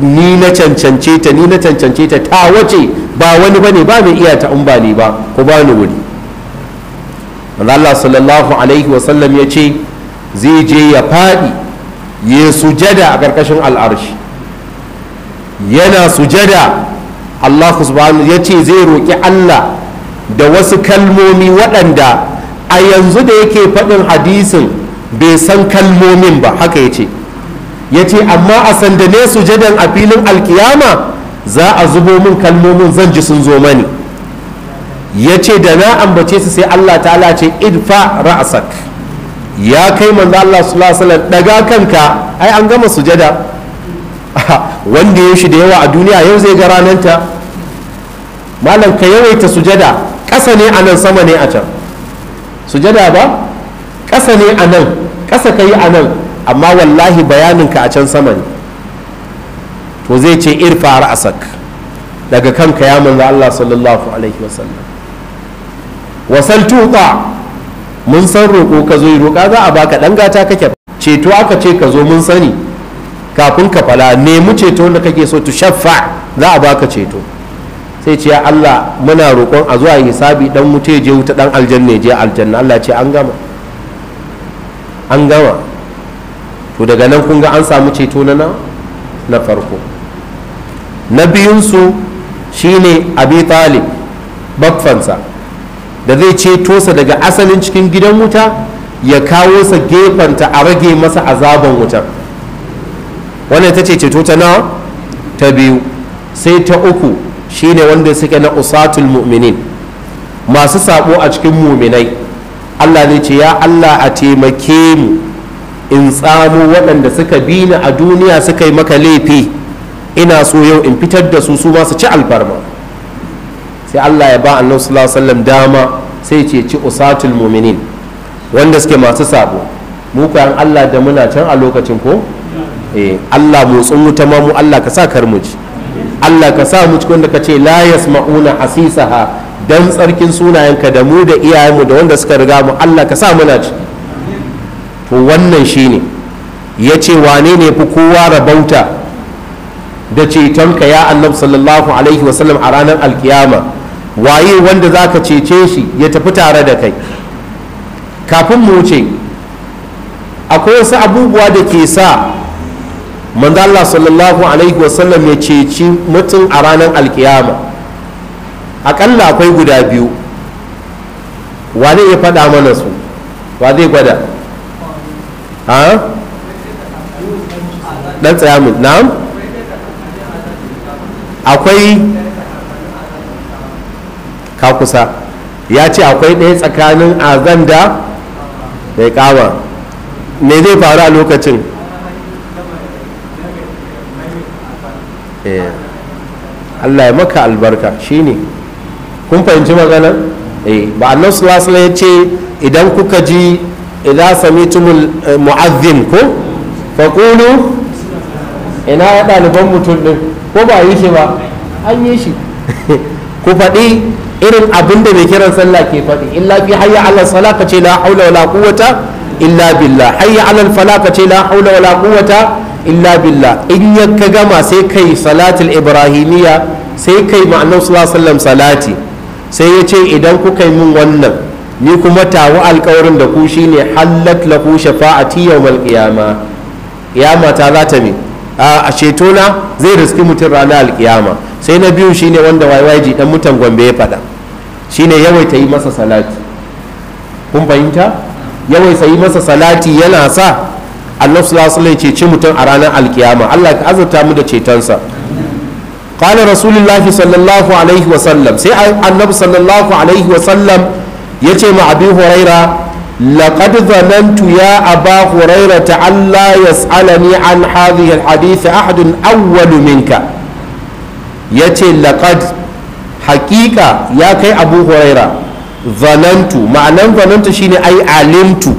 ni na cancance ta ni na cancance ta ta wace ba wani bane ba mai iya ta umba ne ba ko ba ni wuri manzo Allah sallallahu alaihi wa sallam ya ce zai je ya faɗi ya sujada a ƙarƙashin al'arshi yana sujada Allah subhanahu ya ce zai roƙi Allah da wasu kalmomi waɗanda a yanzu da yake faɗin hadisin bai san kalmomin ba haka ya ce ya ce amma a sanda sandane jadan a filin alkiyama za a zubo min kalmomin zan ji sun zo mani ya ce da na ambace su sai allah ta'ala ce idfa ra'asak ya kai manzo allah sallallahu alaihi daga kanka ai an gama sujada wanda ya shi da yawa a duniya yau zai ga ranar ta? malam ka yawaita sujada ƙasa ne a nan sama ne a can sujada ba ƙasa ne a nan ƙasa ka yi a nan amma wallahi bayaninka a can sama ne to zai ce irfa ra'asak daga kanka ya manzo Allah sallallahu alaihi wasallam wasal tuqa mun san roƙo ka zo yi roƙa za a baka dan gata kake ceto aka ce ka zo mun sani kafin ka fala nemi ceto da kake so tu shaffa za a baka ceto sai ce ya Allah muna roƙon a zuwa hisabi dan wuta je wuta dan aljanna je aljanna Allah ce an gama an gama to daga nan kun ga an samu ceto na na farko na biyunsu shine abi talib bakfansa da zai ceto sa daga asalin cikin gidan wuta ya kawo sa gefanta a rage masa azaban wuta wannan ta ce ceto ta nawa ta biyu sai ta uku shine wanda suke na usatul mu'minin masu sabo a cikin muminai Allah zai ce ya Allah a taimake mu in tsamo waɗanda suka bi ni a duniya suka yi maka laifi ina so yau in fitar da su su ma su ci alfarma sai Allah ya ba annabi sallallahu alaihi wasallam dama sai ce ci usatul mu'minin wanda suke masu sabo mu kan Allah da muna can a lokacin ko eh Allah motsin wuta ma mu Allah ka sa kar mu ji Allah ka sa mu cikin da ka ce la yasma'una hasisaha dan tsarkin sunayenka da mu da iyayenmu da wanda suka riga mu Allah ka sa muna ci to wannan shine yace ce wane ne fi kowa rabauta da cetonka ya annab sallallahu alaihi wasallam a ranar alkiyama waye wanda za ka cece shi ya tafi tare da kai kafin mu wuce akwai wasu abubuwa da ke sa manzo Allah sallallahu alaihi wasallam ya ceci mutum a ranar alkiyama akalla akwai guda biyu wane ya faɗa mana su wa zai gwada ha dan tsaya mu na'am akwai ka kusa ya ce akwai ɗaya tsakanin azan da mai kama me zai faru a lokacin Allah ya maka albarka shine kun fahimci magana eh ba annan su alaihi ya ce idan kuka ji idan sami tumul eh, mu'azzim ko faƙulu ina ɗaliban mutum ɗin ko ba yi shi ba an yi shi ku faɗi irin abin da mai kiran sallah ke faɗi illa fi hayya ala sala ka ce la haula wala quwwata illa billah hayya ala fala ka ce la haula wala quwwata illa billah in ya ka gama sai kai salatul ibrahimiyya sai kai ma'anar sallallahu salati sai ya ce idan kuka yi min wannan ni kuma tawo alkawarin da ku shine hallat ku shafa'ati yawmal qiyama qiyama ta za ta mi a ceto na zai riski mutum ranar alkiyama sai na biyu shine wanda YYG dan mutan Gombe ya faɗa shine ta yi masa salati kun fahimta yawai sai masa salati yana sa annabi sallallahu alaihi ce mutum a ranar alkiyama Allah ka azurta mu da cetonsa qala rasulullahi sallallahu alaihi wa sallam sai annabi sallallahu alaihi wa sallam yace ma abi huraira laqad zanantu ya aba huraira ta Allah yas'alani an hadhihi alhadith ahadun awwal minka yace laqad haqiqa ya kai abu huraira zanantu ma'anan zanantu shine ai alimtu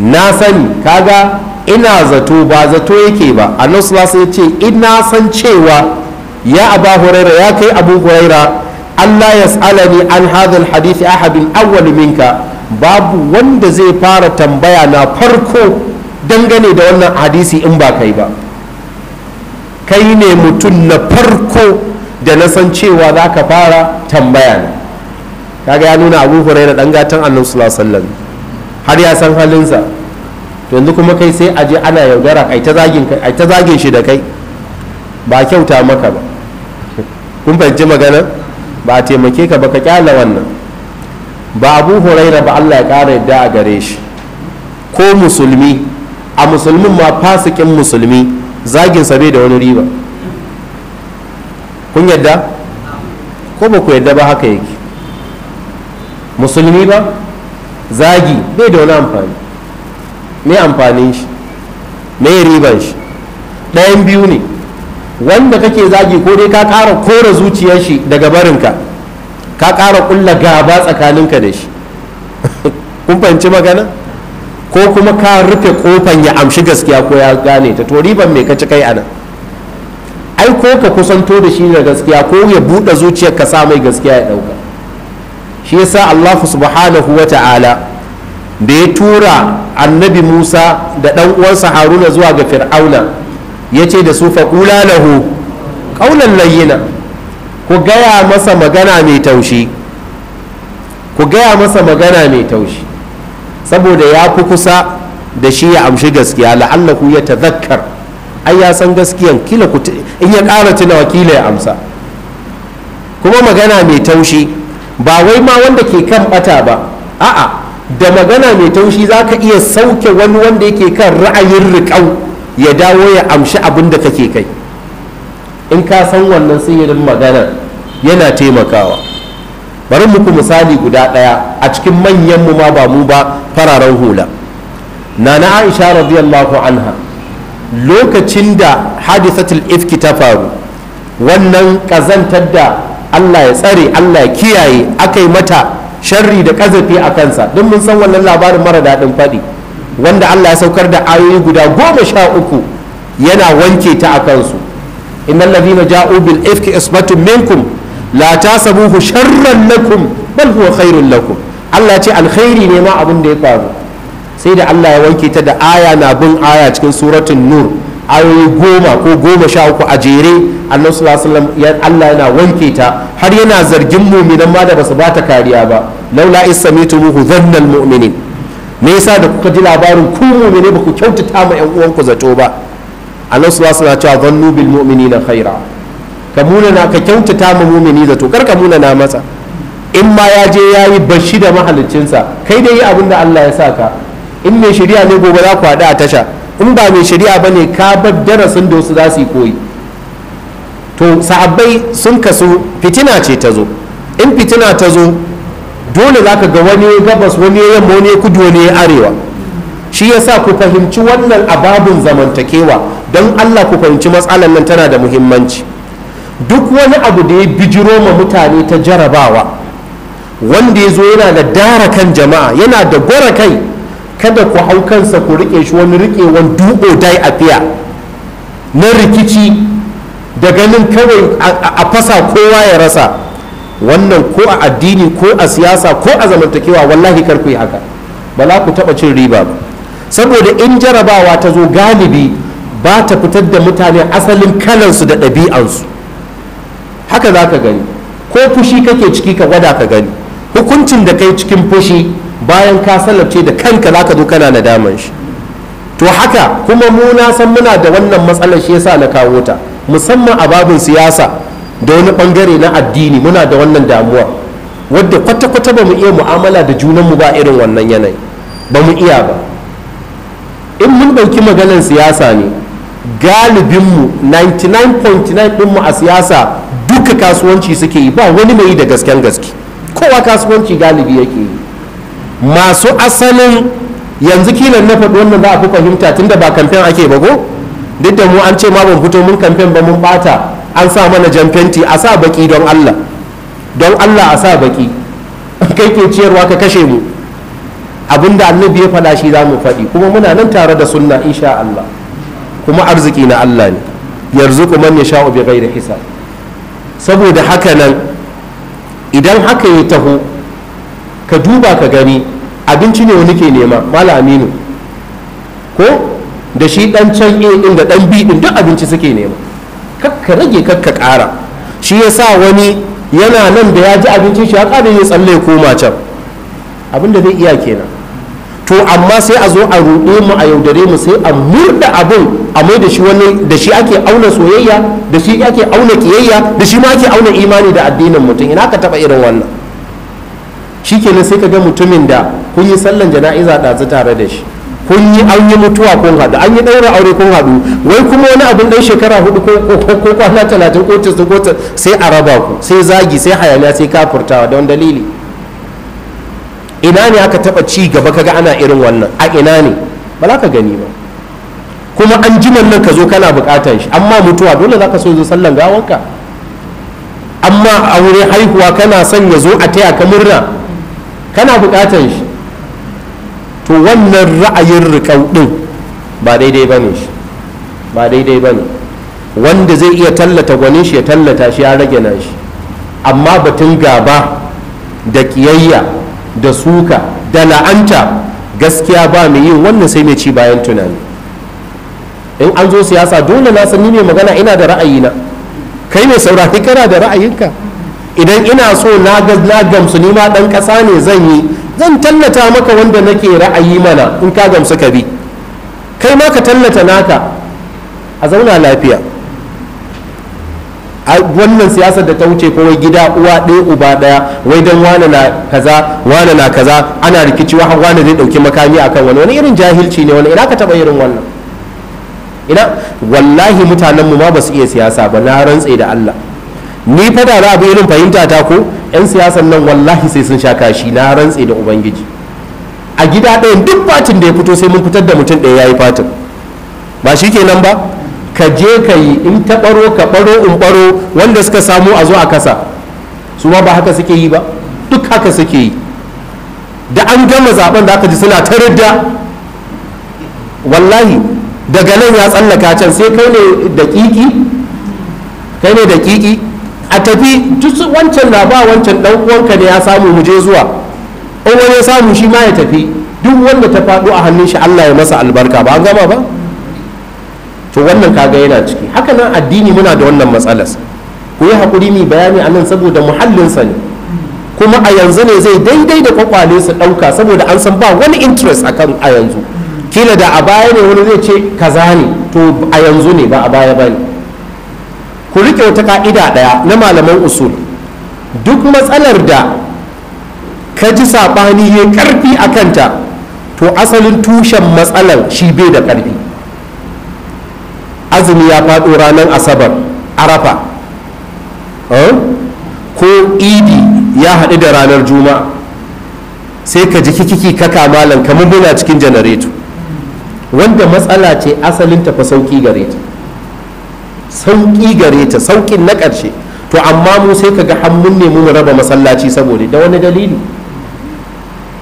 na sani kaga ina zato ba zato yake ba annabi sallallahu ce ina san cewa ya aba huraira ya kai abu huraira Allah ya yas'alani an hadithi a ahadin awwal minka babu wanda zai fara tambaya na farko dangane da wannan hadisi in ba kai ba kai ne mutum na farko da na san cewa za ka fara tambaya ne kaga ya nuna abu huraira dan gatan annabi sallallahu alaihi har ya san halinsa to yanzu kuma kai sai a je ana yaudara a ta zagin shi da kai ba kyauta maka ba kun fahimci magana ba a taimake ka ba ka kyala wannan ba abu huraira ba allah ya kara yadda a gare shi ko musulmi a musulmin ma fasikin musulmi zagin sa bai da wani riba kun yadda ko ba ku yadda ba haka yake musulmi ba zagi bai da wani amfani mai amfanin shi mai riban shi ɗayan biyu ne wanda kake zagi ko dai ka kara kora zuciyar shi daga barinka ka ƙara ƙulla gaba tsakaninka da shi kun fahimci magana ko kuma ka rufe kofan ya amshi gaskiya ko ya gane ta to riban mai ka ci kai anan ai ko ka kusanto da shi da gaskiya ko ya buɗe zuciyar ka sa mai gaskiya ya ɗauka shi yasa Allah subhanahu wa ta'ala da ya tura annabi Musa da ɗan uwansa Haruna zuwa ga Fir'auna ya ce da su faƙula lahu ƙaunar layyina ku gaya masa magana mai taushi ku gaya masa magana mai taushi saboda ya fi kusa da shi ya amshi gaskiya la'allahu ya tazakkar ai ya san gaskiyan kila in ya ƙara tuna wakila ya amsa kuma magana mai taushi ba wai ma wanda ke kan bata ba a'a da magana mai taushi za ka iya sauke wani wanda yake kan ra'ayin riƙau ya dawo ya amshi abin da kake kai in ka san wannan sirrin magana yana taimakawa bari muku misali guda ɗaya a cikin manyan mu ma ba mu ba fararen hula nana aisha radiyallahu anha lokacin da hadisatul ifki ta faru wannan ƙazantar da Allah ya tsare Allah ya kiyaye aka yi mata sharri da kazafi a kansa don mun san wannan labarin mara daɗin faɗi wanda Allah ya saukar da ayoyi guda goma sha uku yana wanke ta a kansu inna ladhina ja'u bil ifki isbatun minkum la tasabuhu sharran lakum bal huwa khairun lakum Allah ce alkhairi ne ma abin da ya faru sai da Allah ya wanke ta da aya na bin aya cikin suratun nur ayoyi goma ko goma sha uku a jere annabi sallallahu alaihi Allah yana wanke ta har yana zargin mu'minan ma da basu ba ta kariya ba laula muku dhannal mu'minin me yasa da kuka ji labarin ku mumini ba ku kyautata ma yan uwanku zato ba annabi sallallahu alaihi wasallam ya ce dhannu bil mu'minina khaira ka munana ka kyautata ma mu'mini zato kar ka munana masa in ma ya je ya yi bashi da mahalicinsa kai dai yi abin da Allah ya sa ka in mai shirya ne gobe za ku haɗu a tasha in ba mai shari'a ba ne ka bar darasin da wasu za su yi koyi to sa'abbai sun kasu fitina ce ta zo in fitina ta zo dole za ka ga wani gabas wani yamma wani kudu wani arewa shi ya sa ku fahimci wannan ababin zamantakewa don allah ku fahimci matsalar nan tana da muhimmanci duk wani abu da ya bijiro ma mutane ta jarabawa wanda ya zo yana da dara kan jama'a yana da gwara kai kada ku hau kansa ku rike shi wani rikewan dubo dai a fiya na rikici da ganin kawai a fasa kowa ya rasa wannan ko a addini ko a siyasa ko a zamantakewa wallahi kar ku yi haka ba za ku taɓa cin riba ba saboda in jarabawa ta zo galibi ba ta fitar da mutane asalin kalansu da ɗabi'ansu haka za ka gani ko fushi kake ciki ka gwada ka gani hukuncin da kai cikin fushi bayan ka sallace da kanka zaka zo kana nadaman shi to haka kuma mu na san muna da wannan matsalar shi yasa na kawo ta musamman a babin siyasa da wani bangare na addini muna da wannan damuwa wadda kwata-kwata ba mu iya mu'amala da junanmu ba irin wannan yanayi ba mu iya ba in mun ɗauki maganar siyasa ne galibinmu 99.9 ɗinmu a siyasa duka kasuwanci suke yi ba wani mai da gasken gaske kowa kasuwanci galibi yake yi masu asalin yanzu kilan na faɗi wannan za a fi fahimta tunda ba kamfen ake ba ko duk da mu an ce ma ban fito mun kamfen ba mun bata an sa mana jan a sa baki don Allah don Allah a sa baki kai ke ciyarwa ka kashe mu abinda annabi ya faɗa shi za mu faɗi kuma muna nan tare da sunna insha Allah kuma arziki na Allah ne yanzu ku man yasha'u bi ghairi hisab saboda haka nan idan haka ya taho ka duba ka gani abinci ne wani ke nema mala aminu ko da shi dan can a din da dan b din duk abinci suke nema kakka rage kakka kara shi ya sa wani yana nan da ya ji abincin shi ya kada ya tsalle koma can abin da zai iya kenan to amma sai a zo a ruɗe mu a yaudare mu sai a murda abin a mai da shi wani da shi ake auna soyayya da shi ake auna kiyayya da shi ma ake auna imani da addinin mutum ina ka taba irin wannan shikenan sai ka ga mutumin da kun yi sallan jana'iza ɗazu tare da shi kun yi an yi mutuwa kun haɗu an yi ɗaura aure kun haɗu wai kuma wani abin ɗan shekara hudu ko kwana talatin ko tisa ko sai a raba ku sai zagi sai hayaniya sai kafurtawa don dalili ina ne aka taɓa ci gaba kaga ana irin wannan a ina ne ba za ka gani ba kuma an ji nan ka zo kana buƙatar shi amma mutuwa dole za ka so zo sallan gawanka amma aure haihuwa kana son ya zo a taya ka murna kana buƙatar shi to wannan ra'ayin riƙau ɗin ba daidai ba ne shi ba daidai ba ne wanda zai iya tallata gwanin shi ya tallata shi ya rage na shi amma batun gaba da ƙiyayya da suka da la'anta gaskiya ba mai yin wannan sai mai ci bayan tunani in an zo siyasa dole na san ni mai magana ina da ra'ayina kai mai saurari kana da ra'ayinka idan ina so na gamsu ni ma dan kasa ne zan yi zan tallata maka wanda nake ra'ayi mana in ka gamsu ka bi kai ma ka tallata naka a zauna lafiya a wannan siyasar da ta wuce kawai gida uwa ɗaya uba ɗaya wai dan wane na kaza wane na kaza ana rikici wa wane zai ɗauki makami akan wani wani irin jahilci ne wani ina ka taɓa irin wannan ina wallahi mutanenmu ma ba su iya siyasa ba na rantse da Allah ni fada da za a irin fahimta ta ko yan siyasan nan wallahi sai sun sha kashi na rantse da ubangiji a gida ɗayan duk fatin da ya fito sai mun fitar da mutum ɗaya yi fatin ba shi kenan ba ka je ka yi in ta ɓaro ka ɓaro in ɓaro wanda suka samu a zo a kasa su ma ba haka suke yi ba duk haka suke yi da an gama zaben da aka ji suna ta ridda wallahi daga nan ya tsallaka can sai kai ne da kiki kai ne da kiki a tafi duk wancan na ba wancan dan uwanka ne ya samu mu je zuwa in wani ya samu shi ma ya tafi duk wanda ta faɗo a hannun shi Allah ya masa albarka ba an gama ba to wannan kaga yana ciki haka nan addini muna da wannan matsalas ku yi hakuri mai bayani a nan saboda muhallinsa ne kuma a yanzu ne zai daidai da kwakwale su ɗauka saboda an san ba wani interest akan a yanzu kila da a baya ne wani zai ce kaza ne to a yanzu ne ba a baya ba ne ku riƙe wata ka'ida ɗaya na malaman usul duk matsalar da ka ji saɓani ya ƙarfi a kanta to asalin tushen matsalar shi bai da ƙarfi azumi ya faɗo ranar asabar arafa eh? ko idi ya haɗu da ranar juma'a sai ka ji kikiki kaka malam kamar muna cikin janareto wanda matsala ce asalin tafa sauƙi gare ta sauƙi gare ta sauƙin na ƙarshe to amma mu sai ka ga hannun ne mu raba masallaci saboda da wani dalili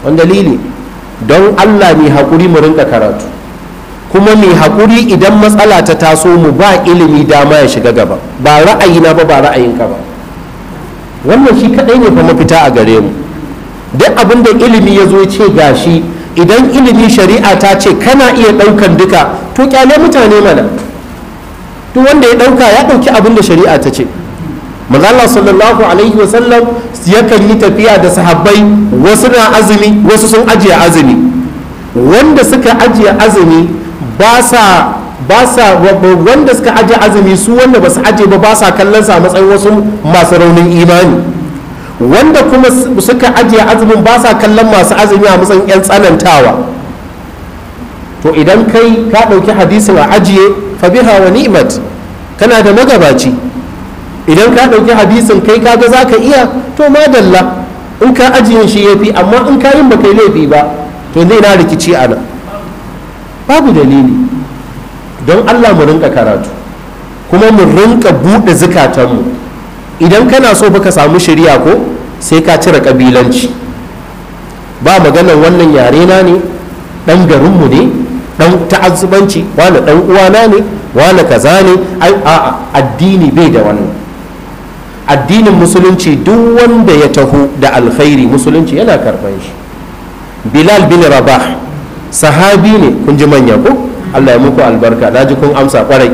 wani dalili don allah mai haƙuri mu rinka karatu kuma mai haƙuri idan matsala ta taso mu ba ilimi dama ya shiga gaba ba ra'ayi ba ba ka ba wannan shi kaɗai ne fa mafita a gare mu duk abin da ilimi ya zo ce gashi idan ilimi shari'a ta ce kana iya ɗaukan duka to kyale mutane mana duk wanda ya ɗauka ya ɗauki abin da shari'a ta ce mazala sallallahu alaihi wasallam yakan yi tafiya da sahabbai wasu na azumi wasu sun ajiye azumi wanda suka ajiye azumi ba sa ba sa wanda suka ajiye azumi su wanda ba su ajiye ba ba sa kallon sa matsayin wasu masu raunin imani wanda kuma suka ajiye azumin ba sa kallon masu azumi a matsayin 'yan tsanantawa to idan kai ka ɗauki hadisin a ajiye fa biha wa ni'mat kana da magabaci idan ka ɗauki hadisin kai ka ga zaka iya to madalla in ka ajiye shi ya fi amma in ka yin baka laifi ba to zai na rikici a nan babu dalili don allah mu rinka karatu kuma mu rinka buɗe zukatanmu idan kana so baka samu shirya ko sai ka cire kabilanci ba maganar wannan yare na ne ɗan garinmu ne dan ta'azzubanci wani dan uwana ne wani kaza ne ai a'a addini bai da wannan addinin musulunci duk wanda ya taho da alkhairi musulunci yana karban shi bilal bin rabah sahabi ne kun ji manya ko Allah ya muku albarka na ji kun amsa kwarai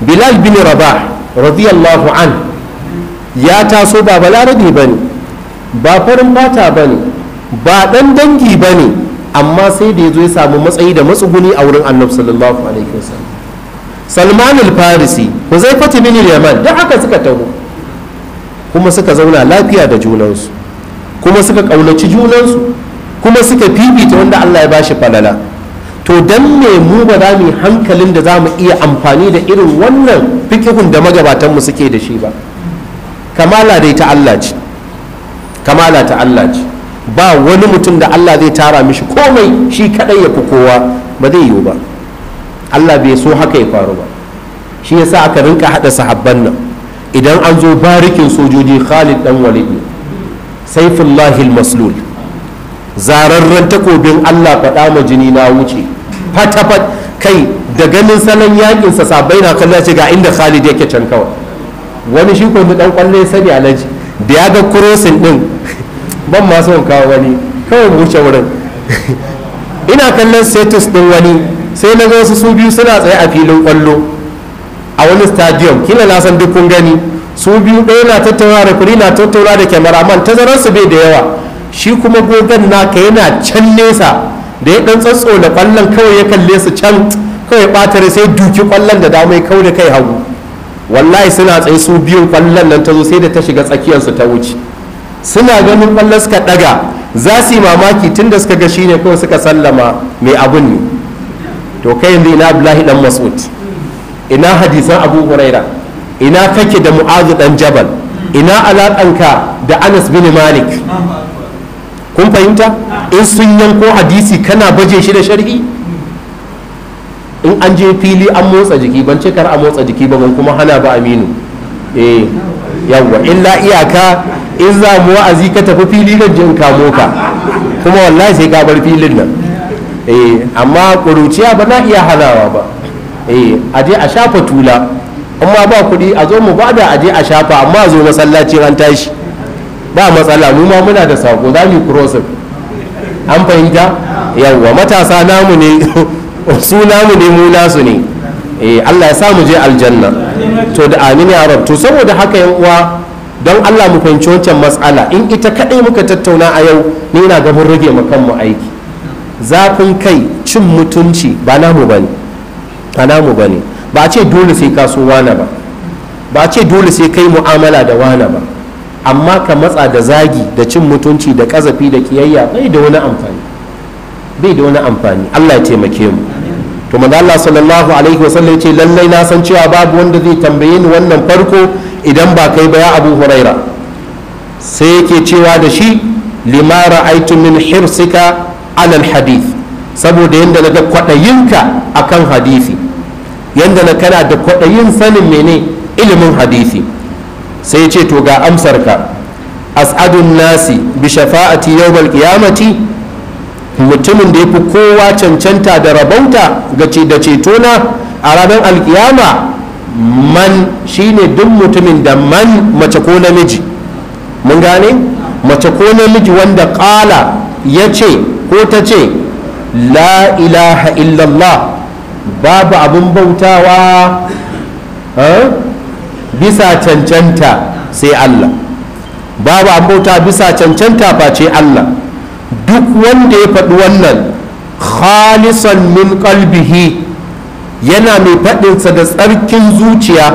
bilal bin rabah radiyallahu an ya taso ba balarabe bane ba farin bata bane ba dan dangi bane amma sai da ya zo ya samu matsayi da matsuguni a wurin annabi sallallahu alaihi wasallam salman al-farisi huzaifatu min al-yaman da haka suka taho kuma suka zauna lafiya da junansu kuma suka kaunaci junansu kuma suka fifita wanda Allah ya bashi falala to dan me mu ba za mu hankalin da zamu iya amfani da irin wannan fikihun da mu suke da shi ba kamala dai ta Allah ce kamala ta Allah ce ba wani mutum da Allah zai tara mishi komai shi kadai ya fi kowa ba zai yiwu ba Allah bai so haka ya faru ba shi yasa aka rinka hada sahabban nan idan an zo barikin sojoji Khalid dan Walid Saifullahi al-Maslul zararren takobin Allah faɗa ma jini na wuce fatafat kai da ganin salon yakin sa sabai na kalla ce ga inda Khalid yake can kawai wani shi ko dan kwalle sani alaji da ya ga crossing din ban ma son wani kawai wuce wurin ina kallon status din wani sai na ga wasu su biyu suna tsaye a filin kwallo a wani stadium kila na san dukkan gani su biyu ɗaya na tattauna da kuri na tattauna da kyamaraman su bai da yawa shi kuma gogon naka yana can nesa da ya ɗan tsatso da kwallon kawai ya kalle su can kawai ɓatare sai duki kwallon da damai ya da kai hagu wallahi suna tsaye su biyun kwallon nan ta zo sai da ta shiga tsakiyarsu ta wuce suna ganin ƙwallo suka ɗaga za su yi mamaki tun da suka ga shi ne kawai suka sallama mai abun ne to kai yanzu ina abdullahi dan mas'ud ina hadisan abu huraira ina kake da mu'azu dan jabal ina alaƙanka da anas bin malik kun fahimta in sun yanko hadisi kana baje shi da shari'i in an je fili an motsa jiki ban ce kar a motsa jiki ba ban kuma hana ba aminu eh yawwa illa iyaka in za mu wa'azi ka tafi fili nan jin kamo ka kuma wallahi sai ka bar filin nan eh amma kuruciya ba na iya halawa ba eh aje a shafa tula amma ba kuɗi a zo mu bada aje a shafa amma zo masallaci an tashi ba matsala mu ma muna da sako za mu crossing an fahimta yawwa matasa namu ne su namu ne mu nasu ne eh Allah ya sa mu je aljanna to da amin ya rab to saboda haka yan uwa don Allah mu fahimci wancan matsala in ita kadai muka tattauna a yau ni na ga rage mu kanmu aiki zafin kai cin mutunci ba namu bane ba namu bane ba ce dole sai ka so ba ba ce dole sai kai mu'amala da wana ba amma ka matsa da zagi da cin mutunci da kazafi da kiyayya bai da wani amfani bai da wani amfani Allah ya taimake mu to manzo Allah sallallahu alaihi wasallam yace lallai na san cewa babu wanda zai tambaye ni wannan farko idan ba kai ba ya Abu Huraira sai yake cewa da shi lima ra'aitu min hirsika ala alhadith saboda yanda naga kwadayinka akan hadisi yanda na kana da kwadayin sanin mene ilimin hadisi sai ce to ga amsarka as'adun nasi bi shafa'ati yawmal qiyamati mutumin da ya fi kowa cancanta da rabauta ga da cetona a ranar alkiyama man shine duk mutumin da man mace ko namiji mun gane mace ko namiji wanda ƙala ya ce ko ta ce la ilaha illallah babu abin bautawa eh, bisa cancanta sai allah babu abin bautawa bisa cancanta face allah duk wanda ya faɗi wannan khalisan min kalbihi yana mai faɗinsa da tsarkin zuciya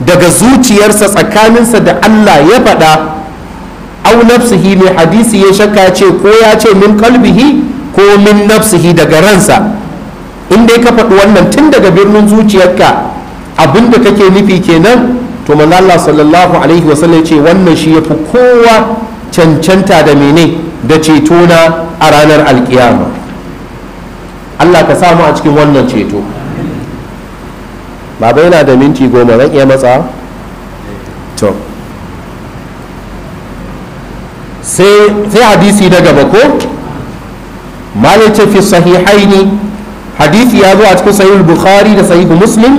daga zuciyarsa tsakaninsa da Allah ya faɗa au nafsihi mai hadisi ya shakka ce ko ya ce min kalbihi ko min nafsihi daga ransa in dai ka faɗi wannan tun daga birnin zuciyarka abinda kake nufi kenan to manzo Allah sallallahu alaihi wasallam ce wannan shi ya fi kowa cancanta da mene da cetona a ranar alkiyama allah ka samu a cikin wannan ceto baba yana da minti goma zan iya matsa to sai hadisi na gaba ko fi sahihaini hadisi ya zo a cikin sahih bukhari da sahih muslim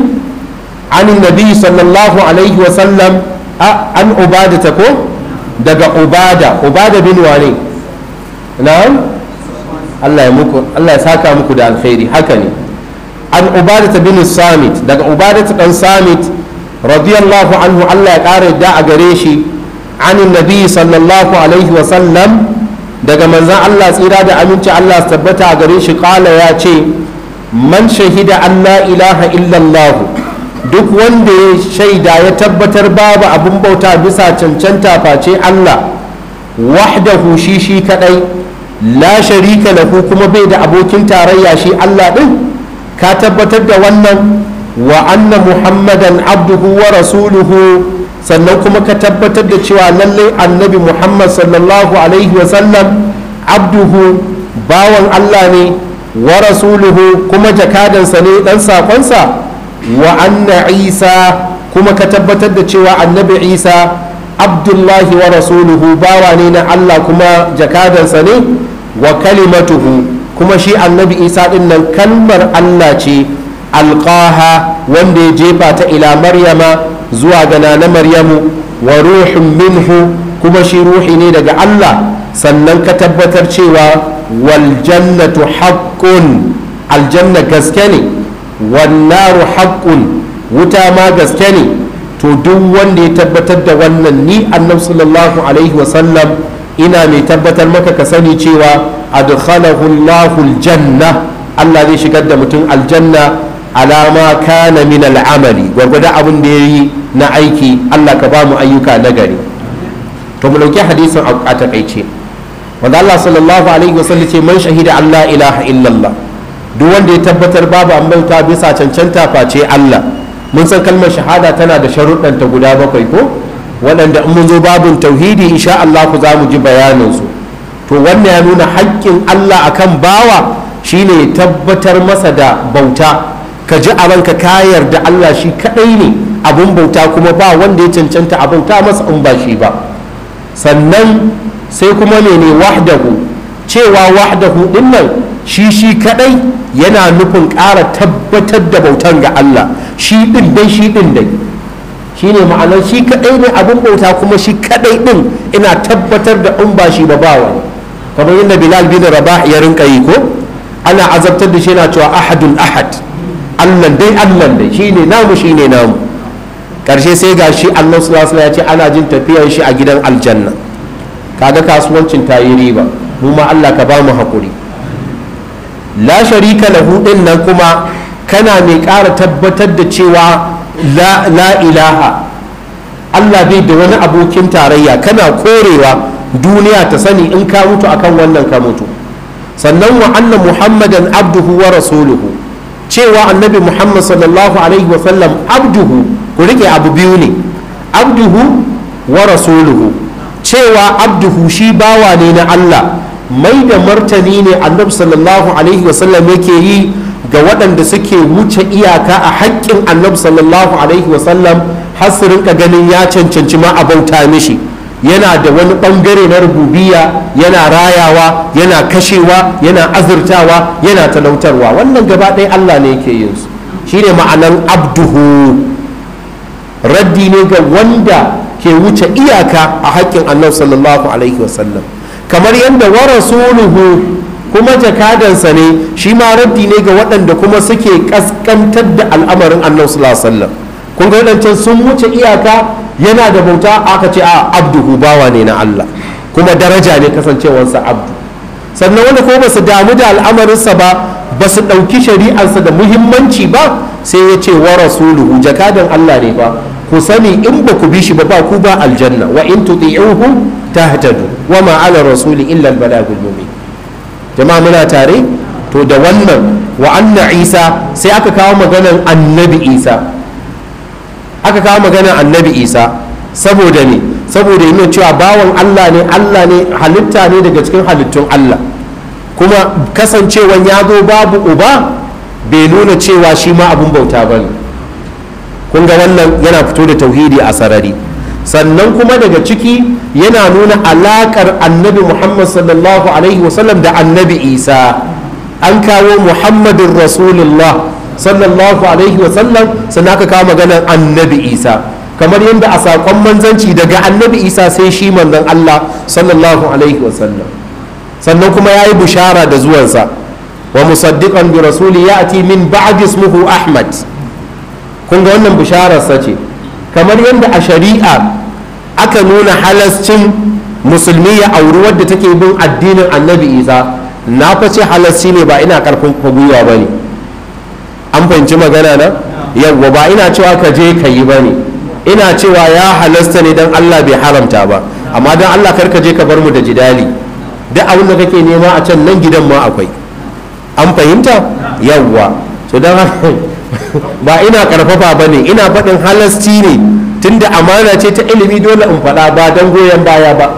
an nabi sallallahu alaihi wasallam an ubada ta ko daga ubada ubada bin wane na'am Allah ya saka muku da alkhairi haka ne an ubadata bin samit daga ubadata dan samit radiyallahu anhu Allah ya kare da a gare shi an nabi sallallahu alaihi wa sallam daga manzan Allah tsira da aminci Allah tabbata a gare shi kala ya ce man shahida an la ilaha illallah duk wanda ya shaida ya tabbatar babu abin bauta bisa cancanta face Allah wahdahu shi shi kadai la sharika lahu kuma bai da abokin tarayya shi Allah din ka tabbatar da wannan wa anna muhammadan abduhu wa rasuluhu sannan kuma ka tabbatar da cewa lallai annabi muhammad sallallahu alaihi wasallam abduhu bawan Allah ne wa rasuluhu kuma jakadansa ne dan sakonsa wa anna isa kuma ka tabbatar da cewa annabi isa abdullahi wa rasuluhu bawa ne na allah kuma jakadansa ne wa kalimatuhu kuma shi annabi isa din kalmar allah ce alqaha wanda ya jefa ta ila maryama zuwa ga nana maryamu wa ruhun minhu kuma shi ruhi ne daga allah sannan ka tabbatar cewa waljannatu jannatu aljanna gaske ne wannaru haƙƙun wuta ma gaske ne to duk wanda ya tabbatar da wannan ni annabi sallallahu alaihi wasallam ina mai tabbatar maka ka sani cewa adkhalahu Allahu aljanna Allah zai shigar da mutum aljanna alama kana min al'amali gwargwadon abin da yayi na aiki Allah ka ba mu ayyuka na gari to mu dauki hadisin a takaice wanda Allah sallallahu alaihi wasallam ce man shahida Allah ilaha illallah duk wanda ya tabbatar babu an bauta bisa cancanta face Allah mun san kalmar shahada tana da sharuɗanta guda bakwai ko waɗanda in mun zo babin tauhidi insha Allah ku za mu ji bayaninsu to wannan ya nuna haƙƙin Allah akan bawa shine tabbatar masa da bauta ka ji a ranka ka yarda Allah shi kaɗai ne abun bauta kuma ba wanda ya cancanta a bauta masa in ba shi ba sannan sai kuma ne ne wahdahu cewa wahdahu din nan shi shi kadai yana nufin ƙara tabbatar da bautan ga Allah shi din dai shi din dai shi ne ma'anar shi kadai ne abin bauta kuma shi kadai din ina tabbatar da in ba shi ba ba wani kamar yadda bilal bin rabah ya rinka yi ko ana azabtar da shi yana cewa ahadun ahad Allah dai Allah dai shi ne namu shi ne namu karshe sai ga shi Allah sallallahu ya ce ana jin tafiyar shi a gidan aljanna kaga kasuwancin ta yi riba mu ma Allah ka ba mu haƙuri la sharika lahu din nan kuma kana mai ƙara tabbatar da cewa la ilaha Allah bai da wani abokin tarayya kana korewa duniya ta sani in ka mutu akan wannan ka mutu sannan wa anna muhammadan abduhu wa rasuluhu cewa annabi muhammad sallallahu alaihi wa sallam abduhu ku rike abu biyu ne abduhu wa rasuluhu cewa abduhu shi bawa ne na Allah mai da martani ne annabi sallallahu alaihi wasallam yake yi ga waɗanda suke wuce iyaka a haƙƙin annabi sallallahu alaihi wasallam har su rinka ganin ya cancanci ma a bauta mishi yana da wani ɓangare na rububiya yana rayawa yana kashewa yana azurtawa yana talautarwa wannan gaba ɗaya allah ne yake yin su Shi ne ma'anan abduhu raddi ne ga wanda ke wuce iyaka a haƙƙin annabi sallallahu alaihi wasallam kamar yadda wa rasuluhu kuma jakadansa ne shi ma raddi ne ga waɗanda kuma suke ƙasƙantar da al'amarin annabi sallallahu alaihi wasallam kun ga wadancan sun wuce iyaka yana da bauta aka ce a abduhu bawa ne na Allah kuma daraja ne kasancewarsa abdu sannan wanda ko ba su damu da al'amarinsa ba ba su ɗauki shari'arsa da muhimmanci ba sai ya ce wa rasuluhu jakadan Allah ne ba ku sani in ba ku bi shi ba ba ku ba aljanna wa in tuti'uhu tahtadu wa ma ala rasuli illa al balagul mubin jama'a muna tare to da wannan wa anna isa sai aka kawo maganar annabi isa aka kawo maganar annabi isa saboda ne saboda yana cewa bawan allah ne allah ne halitta ne daga cikin halittun allah kuma kasancewan ya zo babu uba bai nuna cewa shi ma abun bauta ba ne kun ga wannan yana fito da tauhidi a sarari sannan kuma daga ciki yana nuna alaƙar annabi muhammad sallallahu alaihi wasallam da annabi isa an kawo muhammadin rasulullah sallallahu alaihi wasallam sannan aka kawo maganar annabi isa kamar yadda a saƙon manzanci daga annabi isa sai shi manzan allah sallallahu alaihi wasallam sannan kuma ya yi bushara da zuwansa wa musaddiqan bi rasuli ya'ti min ba'di ismuhu ahmad kun ga wannan bishararsa ce kamar yadda a shari'a aka nuna halascin musulmi ya auri wadda take bin addinin annabi isa na fa ce halasci ne ba ina karfin gwiwa ba ne an fahimci magana na yawwa ba ina cewa ka je ka yi ba ne ina cewa ya halasta ne don allah bai haramta ba amma don allah kar ka je ka bar mu da jidali duk abin da kake nema a can nan gidan ma akwai an fahimta yawwa to don ba ina karfafa ba ne ina faɗin halasci ne tunda amana ce ta ilimi dole in faɗa ba don goyon baya ba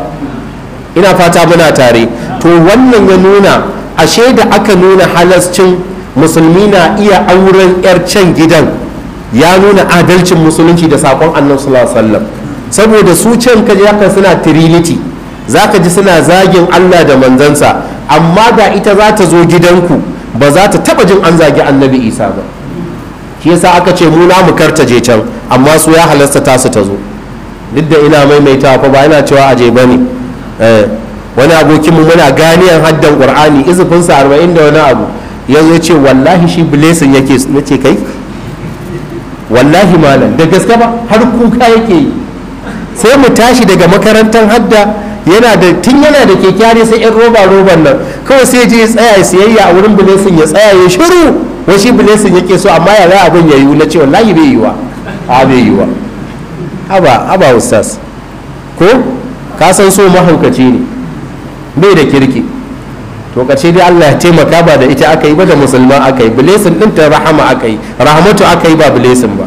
ina fata muna tare to wannan ya nuna ashe da aka nuna halascin musulmi na iya auren 'yar can gidan ya nuna adalcin musulunci da saƙon annan sallallahu saboda su can kaji haka suna trinity za ka ji suna zagin allah da manzansa amma da ita za ta zo gidanku ba za ta taba jin an zagi annabi isa ba shi yasa aka ce mu na mu je can amma su ya halasta tasu ta zo duk da ina maimaita fa ba ina cewa aje ba ne eh, wani abokin mu muna ganiyan haddan qur'ani izufin sa 40 da wani abu yanzu ya ce wallahi shi blessing yake nace kai wallahi malam da gaske ba har kuka yake yi sai mu tashi daga makarantar hadda yana da tun yana da kyakkyari sai yan roba roban nan kawai sai je tsaya siyayya a wurin bilesin ya tsaya ya shiru wasu bilesin yake so amma ya za abin ya yi na ce layi bai yi wa a bai yi haba haba ustaz ko ka san so mahaukaci ne bai da kirki to kace dai Allah ya taimaka ba da ita aka yi ba da musulman aka yi bilesin din ta rahama aka yi rahamatu aka yi ba bilesin ba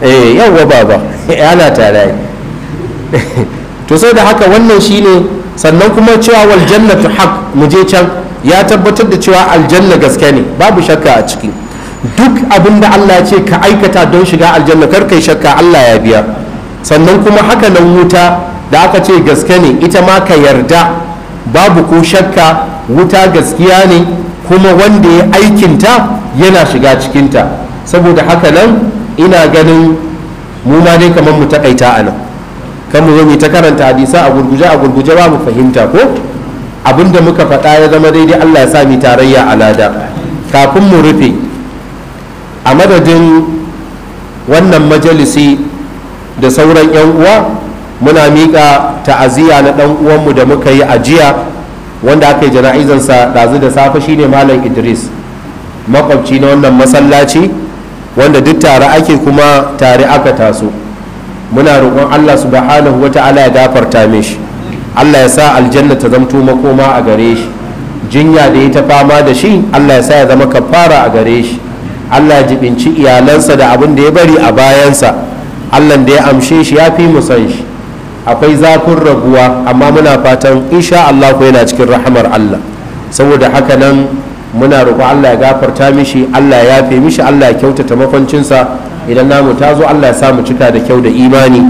eh yawwa baba ana tare to sai da haka wannan shi ne sannan kuma cewa waljanna ta haq mu je can ya tabbatar da cewa aljanna gaske ne babu shakka a ciki duk abin da Allah ya ce ka aikata don shiga aljanna kar kai shakka Allah ya biya sannan kuma haka nan wuta da aka ce gaske ne ita ma ka yarda babu ko shakka wuta gaskiya ne kuma wanda ya aikinta yana shiga cikinta saboda haka nan ina ganin mu ma dai kamar mu takaita a nan kan mu ta karanta hadisa a gurguje a gurguje ba mu fahimta ko abinda muka faɗa ya zama daidai Allah ya sa mu tarayya a lada kafin mu rufe a madadin wannan majalisi da sauran 'yan uwa muna miƙa ta'aziyya na ɗan uwanmu da muka yi a jiya wanda aka yi jana'izansa ɗazu da safe shine malam idris makwabci na wannan masallaci wanda duk tare ake kuma tare aka taso muna roƙon Allah subhanahu ta'ala ya gafarta mishi Allah ya sa aljanna ta zamto makoma a gare shi jinya da ya ta fama da shi Allah ya sa ya zama kafara a gare shi Allah ya jibinci iyalansa da abin da ya bari a bayansa Allah da ya amshe shi ya fi musan shi akwai zafin raguwa amma muna fatan insha Allah ko yana cikin rahamar Allah saboda haka nan muna roƙon Allah ya gafarta mishi Allah ya yafe mishi Allah ya kyautata makoncinsa idan namu ta zo allah ya samu cika da kyau da imani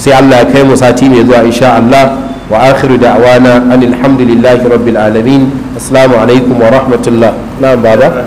sai allah ya kai mu sati mai zuwa insha allah wa akhiru da'wana alhamdulillahi rabbil alamin assalamu alaikum wa rahmatullah na baba